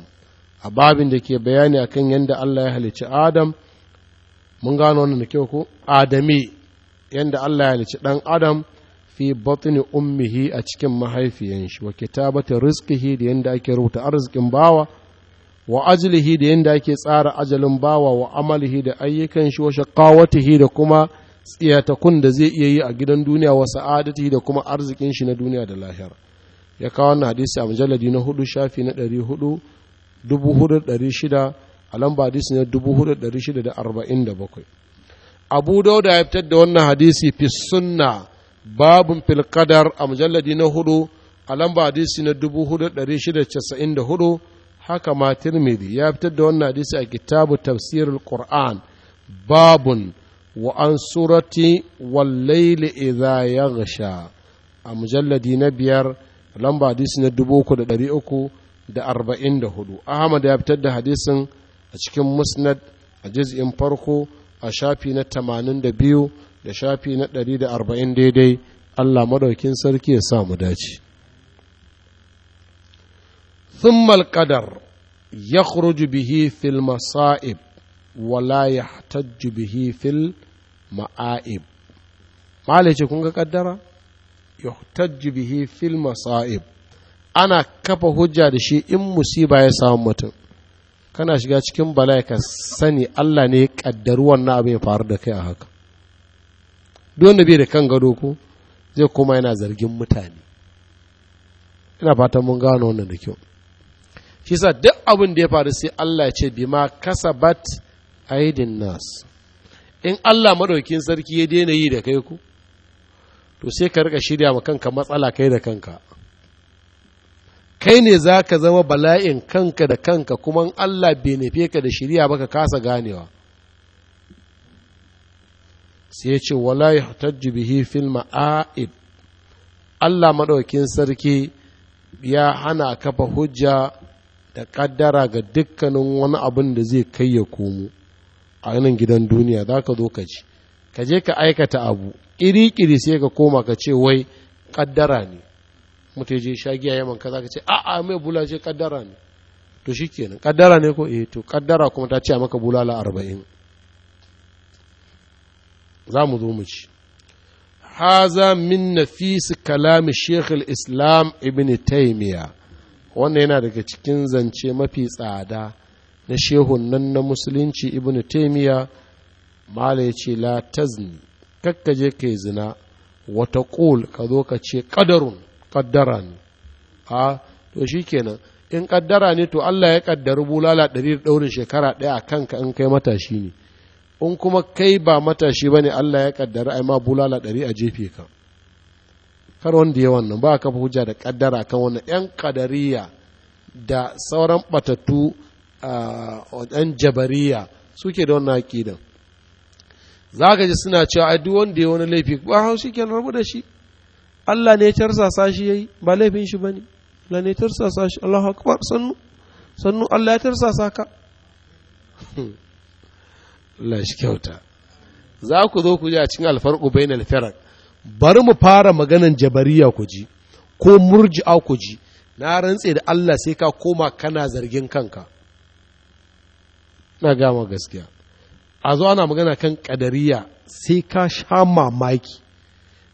a babin da ke bayani akan yadda Allah ya halicci adam mun gano wannan da kyau ko adami yadda Allah ya halicci dan adam fi batni ummihi a cikin mahaifiyan shi wa kitabati rizqihi da yanda ake rubuta arzikin bawa wa ajlihi da yanda ake tsara ajalin bawa wa amalihi da ayyukan shi wa shaqawatihi da kuma tsiyatakun da zai iya yi a gidan duniya wa sa'adatihi da kuma arzikin shi na duniya da lahira ya kawo wannan hadisi a mujalladi na hudu shafi na ɗari hudu dubu ɗari shida a lamba hadisi na dubu ɗari shida da arba'in da bakwai abu dauda ya fitar da wannan hadisi fi sunna babun fil qadar a mujalladi na hudu a lamba hadisi na dubu da shida casa'in hudu haka ma tirmidhi ya fitar da wannan hadisi a kitabu tafsirul qur'an babun wa an surati wal layli idha yaghsha a mujalladi na biyar lamba hadisi na dubu da da da uku arba'in hudu ahmad ya fitar da hadisin a cikin musnad a juz'in farko a shafi na tamanin da biyu. da shafi na ɗari da arba'in daidai Allah maɗaukin sarki ya sa mu dace thummal qadar yakhruju bihi fil masa'ib wala ya bihi fil ma'aib kun ga kaddara yuhtajju bihi fil masa'ib ana kafa hujja da shi in musiba ya samu mutum kana shiga cikin bala'i ka sani Allah ne ya kaddaru wannan abin ya faru da kai a haka don da bai da kan gado ku zai koma yana zargin mutane ina fatan mun gano wannan da kyau shi sa duk abin da ya faru sai Allah ya ce bima kasabat aidin nas in Allah madaukin sarki ya daina yi da kai ku to sai ka rika shirya ma kanka matsala kai da kanka kai ne za ka zama bala'in kanka da kanka kuma Allah bai nufe ka da shirya ba ka kasa ganewa sai ya ce wala yahtajju bihi fil ma'aid Allah maɗaukin sarki ya hana kafa hujja da ƙaddara ga dukkanin wani abin da zai kai ya komo a nan gidan duniya za ka zo ka ci ka je ka aikata abu ƙiri-ƙiri sai ka koma ka ce wai ƙaddara ne mutaje shagiya ya manka za ka ce a'a mai ce ƙaddara ne to shi kenan ƙaddara ne ko eh to ƙaddara kuma ta ce maka bulala arba'in za mu zo mu ci haza min nafisi kalami shekhul islam ibn taimiya wannan yana daga cikin zance mafi tsada na shehun nan na musulunci ibn taimiya mala ya ce la tazni kakkaje kai zina wata ƙul ka zo ka ce ƙadarun ƙaddara ne a to shi kenan in ƙaddara ne to allah ya ƙaddari bulala ɗari da ɗaurin shekara ɗaya a kanka in kai matashi ne in kuma kai ba matashi ba ne Allah ya kaddara ai ma bulala ɗari a jefe ka kar wanda ya wannan ba kafa hujja da kaddara kan wannan yan kadariya da sauran batattu yan jabariya suke da wannan aqidan za ka ji suna cewa ai duk wanda ya wani laifi ba haushi kenan rabu da shi Allah ne ya tarsasa shi yayi ba laifin shi bane Allah ne ya tarsasa shi Allahu akbar sannu sannu Allah ya tarsasa ka Allah shi kyauta za ku zo ku ji a cikin alfar bainal alfarar bari mu fara maganan jabariya ku ji ko murji'a ku ji na rantse da Allah sai ka koma kana zargin kanka na gama gaskiya a zo ana magana kan ƙadariya sai ka sha mamaki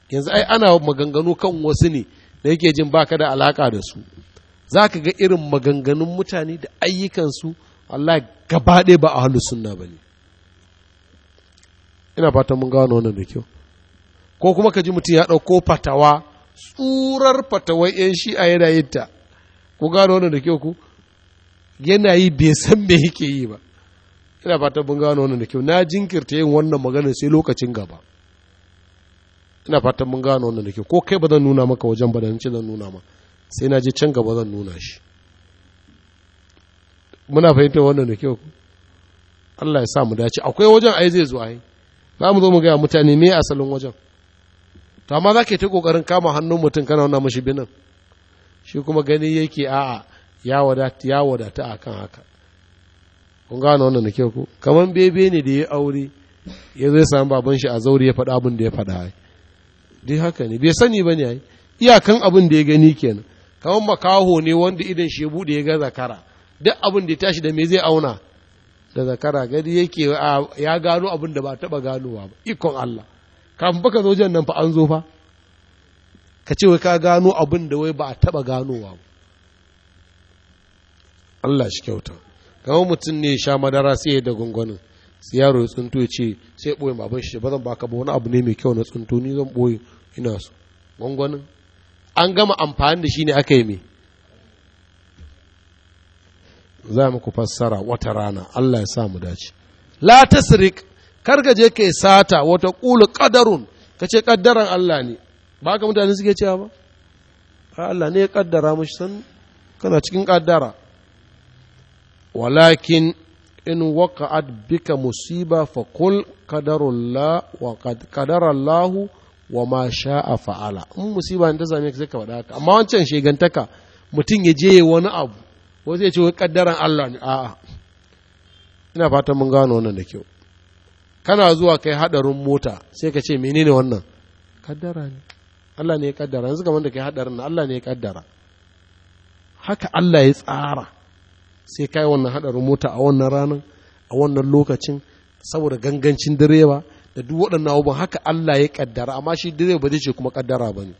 yanzu ai ana maganganu kan wasu ne da yake jin baka da alaka da su za ka ga irin maganganun mutane da ayyukansu Allah gaba ba a hannu sunna ba ne ina fatan mun gano wannan da kyau ko kuma ka ji mutum ya ɗauko fatawa tsurar fatawar 'yan shi a yanayinta ta ku gano wannan da kyau ku yanayi bai san me yake yi ba ina fatan mun gano wannan da kyau na jinkirta yin wannan maganar sai lokacin gaba ina fatan mun gano wannan da kyau ko kai ba zan nuna maka wajen ba da ce zan nuna ma sai na je can gaba zan nuna shi muna fahimtar wannan da kyau Allah ya sa mu dace akwai wajen ai zai zo ai za mu zo mu gaya mutane me asalin wajen to amma za ka ta kokarin kama hannun mutum kana wannan mashi binin shi kuma gani yake a'a ya wadata ya wadata akan haka kun gane wannan da kyau ko kaman bebe ne da ya aure ya zai samu baban shi a zauri ya faɗa abin da ya faɗa dai haka ne bai sani ba ne ai iyakan abin da ya gani kenan kaman makaho ne wanda idan shi ya buɗe ya ga zakara duk abin da ya tashi da me zai auna da zakara gani yake ya gano abin da ba taɓa ganowa ba ikon Allah kafin baka zo jan nan fa an zo fa ka ce wai ka gano abin da wai ba a taɓa ganowa ba Allah shi kyauta kamar mutum ne sha madara sai ya da gungunin sai yaro ya tsunto ya ce sai boye ɓoye baban shi ba zan baka ba wani abu ne mai kyau na tsunto ni zan ɓoye ina so gungunin an gama amfani da shi ne aka yi mai za muku fassara wata rana Allah ya sa mu dace la tasrik kar ka je kai sata wata qulu qadarun kace kaddaran Allah ne ba ka mutane suke cewa ba Allah ne ya kaddara mushi san kana cikin kaddara walakin in waqa'at bika musiba fa qul qadarullah wa qad qadara Allah wa ma sha'a fa'ala in musiba ta same ka sai ka faɗa haka amma wancan shegantaka mutum ya je wani abu ko zai ce wai kaddaran Allah ne a'a ina fatan mun gano wannan da kyau kana zuwa kai hadarin mota sai ka ce menene wannan kaddara ne Allah ne ya kaddara yanzu kamar da kai hadarin Allah ne ya kaddara haka Allah ya tsara sai kai wannan hadarin mota a wannan ranar a wannan lokacin saboda gangancin direba da duk waɗannan abubuwan haka Allah ya kaddara amma shi direba ba zai ce kuma kaddara ba ne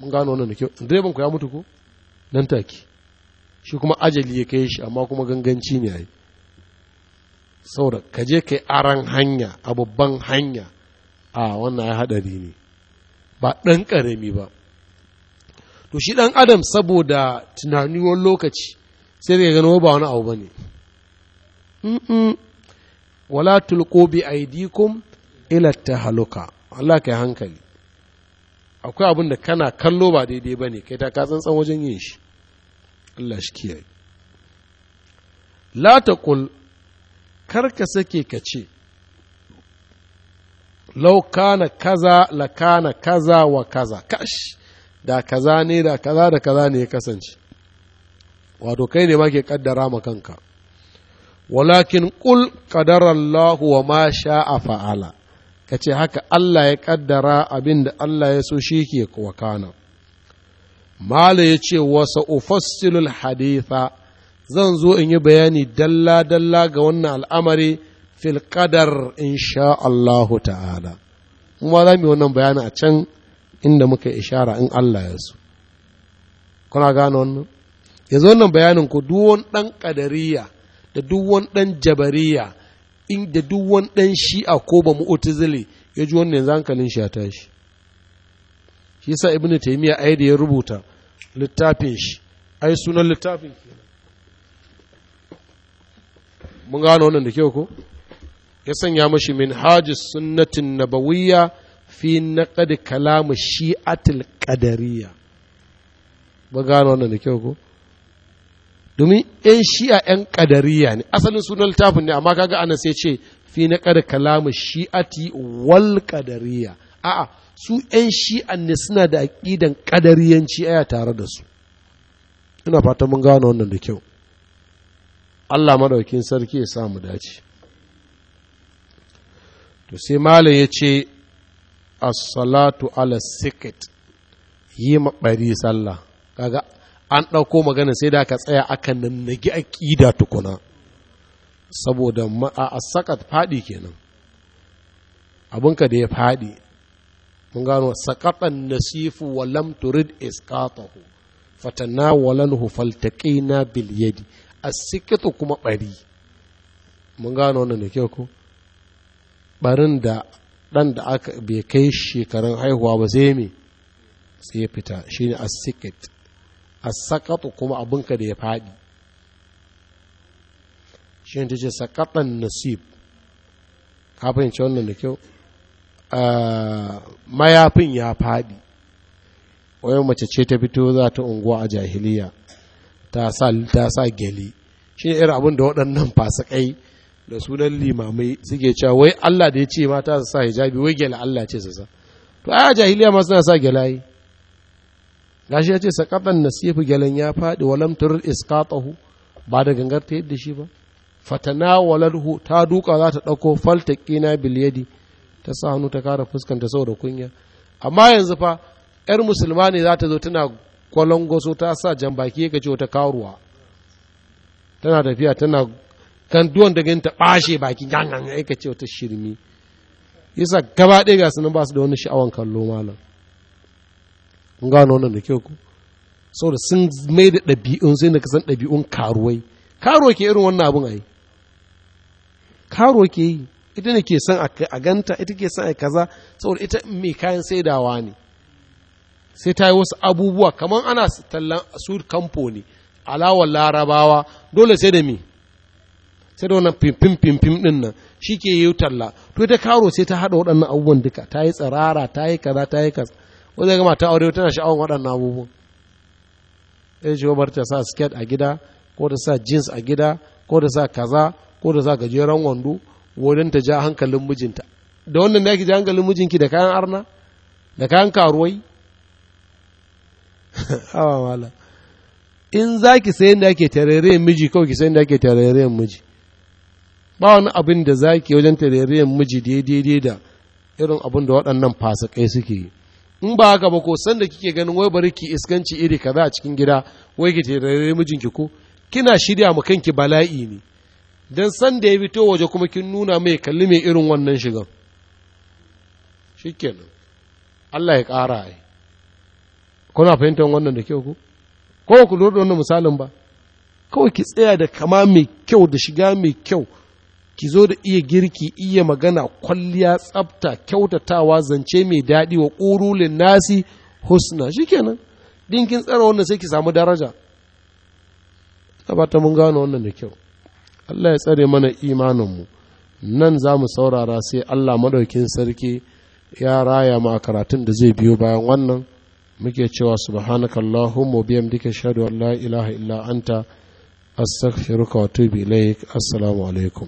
mun gano wannan da kyau direban ku ya mutu ko nan take shi kuma ajali ya kai shi amma kuma ganganci ne yayi saboda ka je kai aran hanya a babban hanya a wannan ya haɗa ne ba ɗan ƙarami ba to shi ɗan adam saboda tunaniwar lokaci sai ya gano ba wani abu ba ne wala tulqu bi aidikum ila Allah kai hankali akwai abin da kana kallo ba daidai ba ne kai ta ka tsantsan wajen yin shi Allah shi kiyaye la taqul kar ka sake ka ce lau kana kaza la kana kaza wa kaza kash da kaza ne da kaza da kaza ne ya kasance wato kai ne ma ke kaddara ma kanka walakin qul qadara Allah wa ma sha'a fa'ala kace haka Allah ya kaddara abinda Allah ya so shi ke wakana mala ya ce wasa ufassilul haditha zan zo in yi bayani dalla-dalla ga wannan al'amari fil qadar insha Allahu ta'ala kuma za mu yi wannan bayani a can inda muka ishara in Allah ya su. kuna gano wannan ya zo wannan bayanin ku duwon ɗan ƙadariya da duwon ɗan jabariya inda da ɗan shi a shi'a ko ba mu'tazili ya ji wannan yanzu shi ya tashi shi sa ibnu taymiya ai ya rubuta littafin shi ai sunan littafin kenan mun gano wannan da kyau ko ya sanya mashi min haji sunnatin nabawiyya fi na naqad shi shi'atil qadariyya mun gano wannan da kyau ko domin yan shi'a yan kadariya ne asalin sunan littafin ne amma kaga ana sai ce fi na naqad shi shi'ati wal qadariyya a'a su 'yan shi'an ne suna da aƙidan ƙadariyanci aya tare da su ina fata mun gano wannan da kyau Allah maɗaukin sarki ya samu mu dace to sai malam ya ce as-salatu ala sikit yi maɓari sallah kaga an ɗauko magana sai da aka tsaya aka nannagi aƙida tukuna saboda a sakat faɗi kenan abinka da ya faɗi mun gano sakatan nasifu wa lam turid isqatahu fatanawalanhu faltaqina bil yadi asikatu sikitu kuma bari mun gano wannan da kyau ko barin da dan da aka bai kai shekarun haihuwa ba sai me sai ya fita shine asikat asakatu kuma sakatu kuma da ya fadi shine tace sakatan nasib ka fahimci wannan da kyau mayafin ya faɗi wayan mace ce ta fito za ta unguwa a jahiliya ta sa gele shi irin abin da waɗannan fasikai da sunan limamai suke cewa wai Allah da ya ce mata su sa hijabi wai gele Allah ce su sa to a jahiliya ma suna sa gyalaye gashi ya ce sakatan nasifu gyalen ya faɗi walam tur iskatahu ba da gangar ta yadda shi ba fatana walalhu ta duka za ta ɗauko faltakina biliyadi ta sa hannu ta kara fuskanta sau da kunya amma yanzu fa yar musulma ne za ta zo tana goso ta sa jan baki ya kace wata karuwa tana tafiya tana kan duwan da ta bashe baki gangan ya kace wata shirmi yasa gaba ɗaya ga sunan ba su da wani sha'awan kallo malam kun gano wannan da kyau ku saboda sun mai da ɗabi'un sai da kasan ɗabi'un karuwai karuwa ke irin wannan abin ai karuwa ke yi ita ne ke son a ganta ita ke son a kaza saboda ita mai kayan saidawa ne sai ta yi wasu abubuwa kamar ana tallan su kamfo ne alawar larabawa dole sai da mi sai da wannan fimfim fimfim din nan shi ke yi talla to ita karo sai ta haɗa waɗannan abubuwan duka ta yi tsirara ta yi kaza ta yi kaza wanda ya gama ta aure tana sha'awar waɗannan abubuwan ya ce wabar ta sa skirt a gida ko ta sa jeans a gida ko ta sa kaza ko ta sa gajeren wando wajen ta ja hankalin mijinta da wannan da ki ja hankalin mijinki da kayan arna da kayan karuwai hawa wala in za ki sayan da ake tarerayen miji kawai ki sayan da ake tarerayen miji ba wani abin da za ki wajen tarerayen miji daidai da irin abin da waɗannan fasakai suke yi in ba haka ba ko sanda kike ganin wai bari ki iskanci iri kaza a cikin gida wai ki tarerayen mijinki ko kina shirya mu kanki bala'i ne don san da ya fito waje kuma kin nuna mai kalli mai irin wannan shigan shi kenan Allah ya ƙara ai kuna fahimtar wannan da kyau ku ko ku lura wannan misalin ba kawai ki tsaya da kama mai kyau da shiga mai kyau ki zo da iya girki iya magana kwalliya tsafta kyautatawa zance mai daɗi wa ƙurulin nasi husna shikenan din kin tsara wannan sai ki samu daraja ta mun gano wannan da kyau Allah ya tsare mana imaninmu nan za mu saurara sai Allah maɗaukin sarki ya raya mu a karatun da zai biyo bayan wannan muke cewa subhanaka allahumma dika shahadu an la ilaha illa anta astaghfiruka wa atubu ilaik assalamu alaikum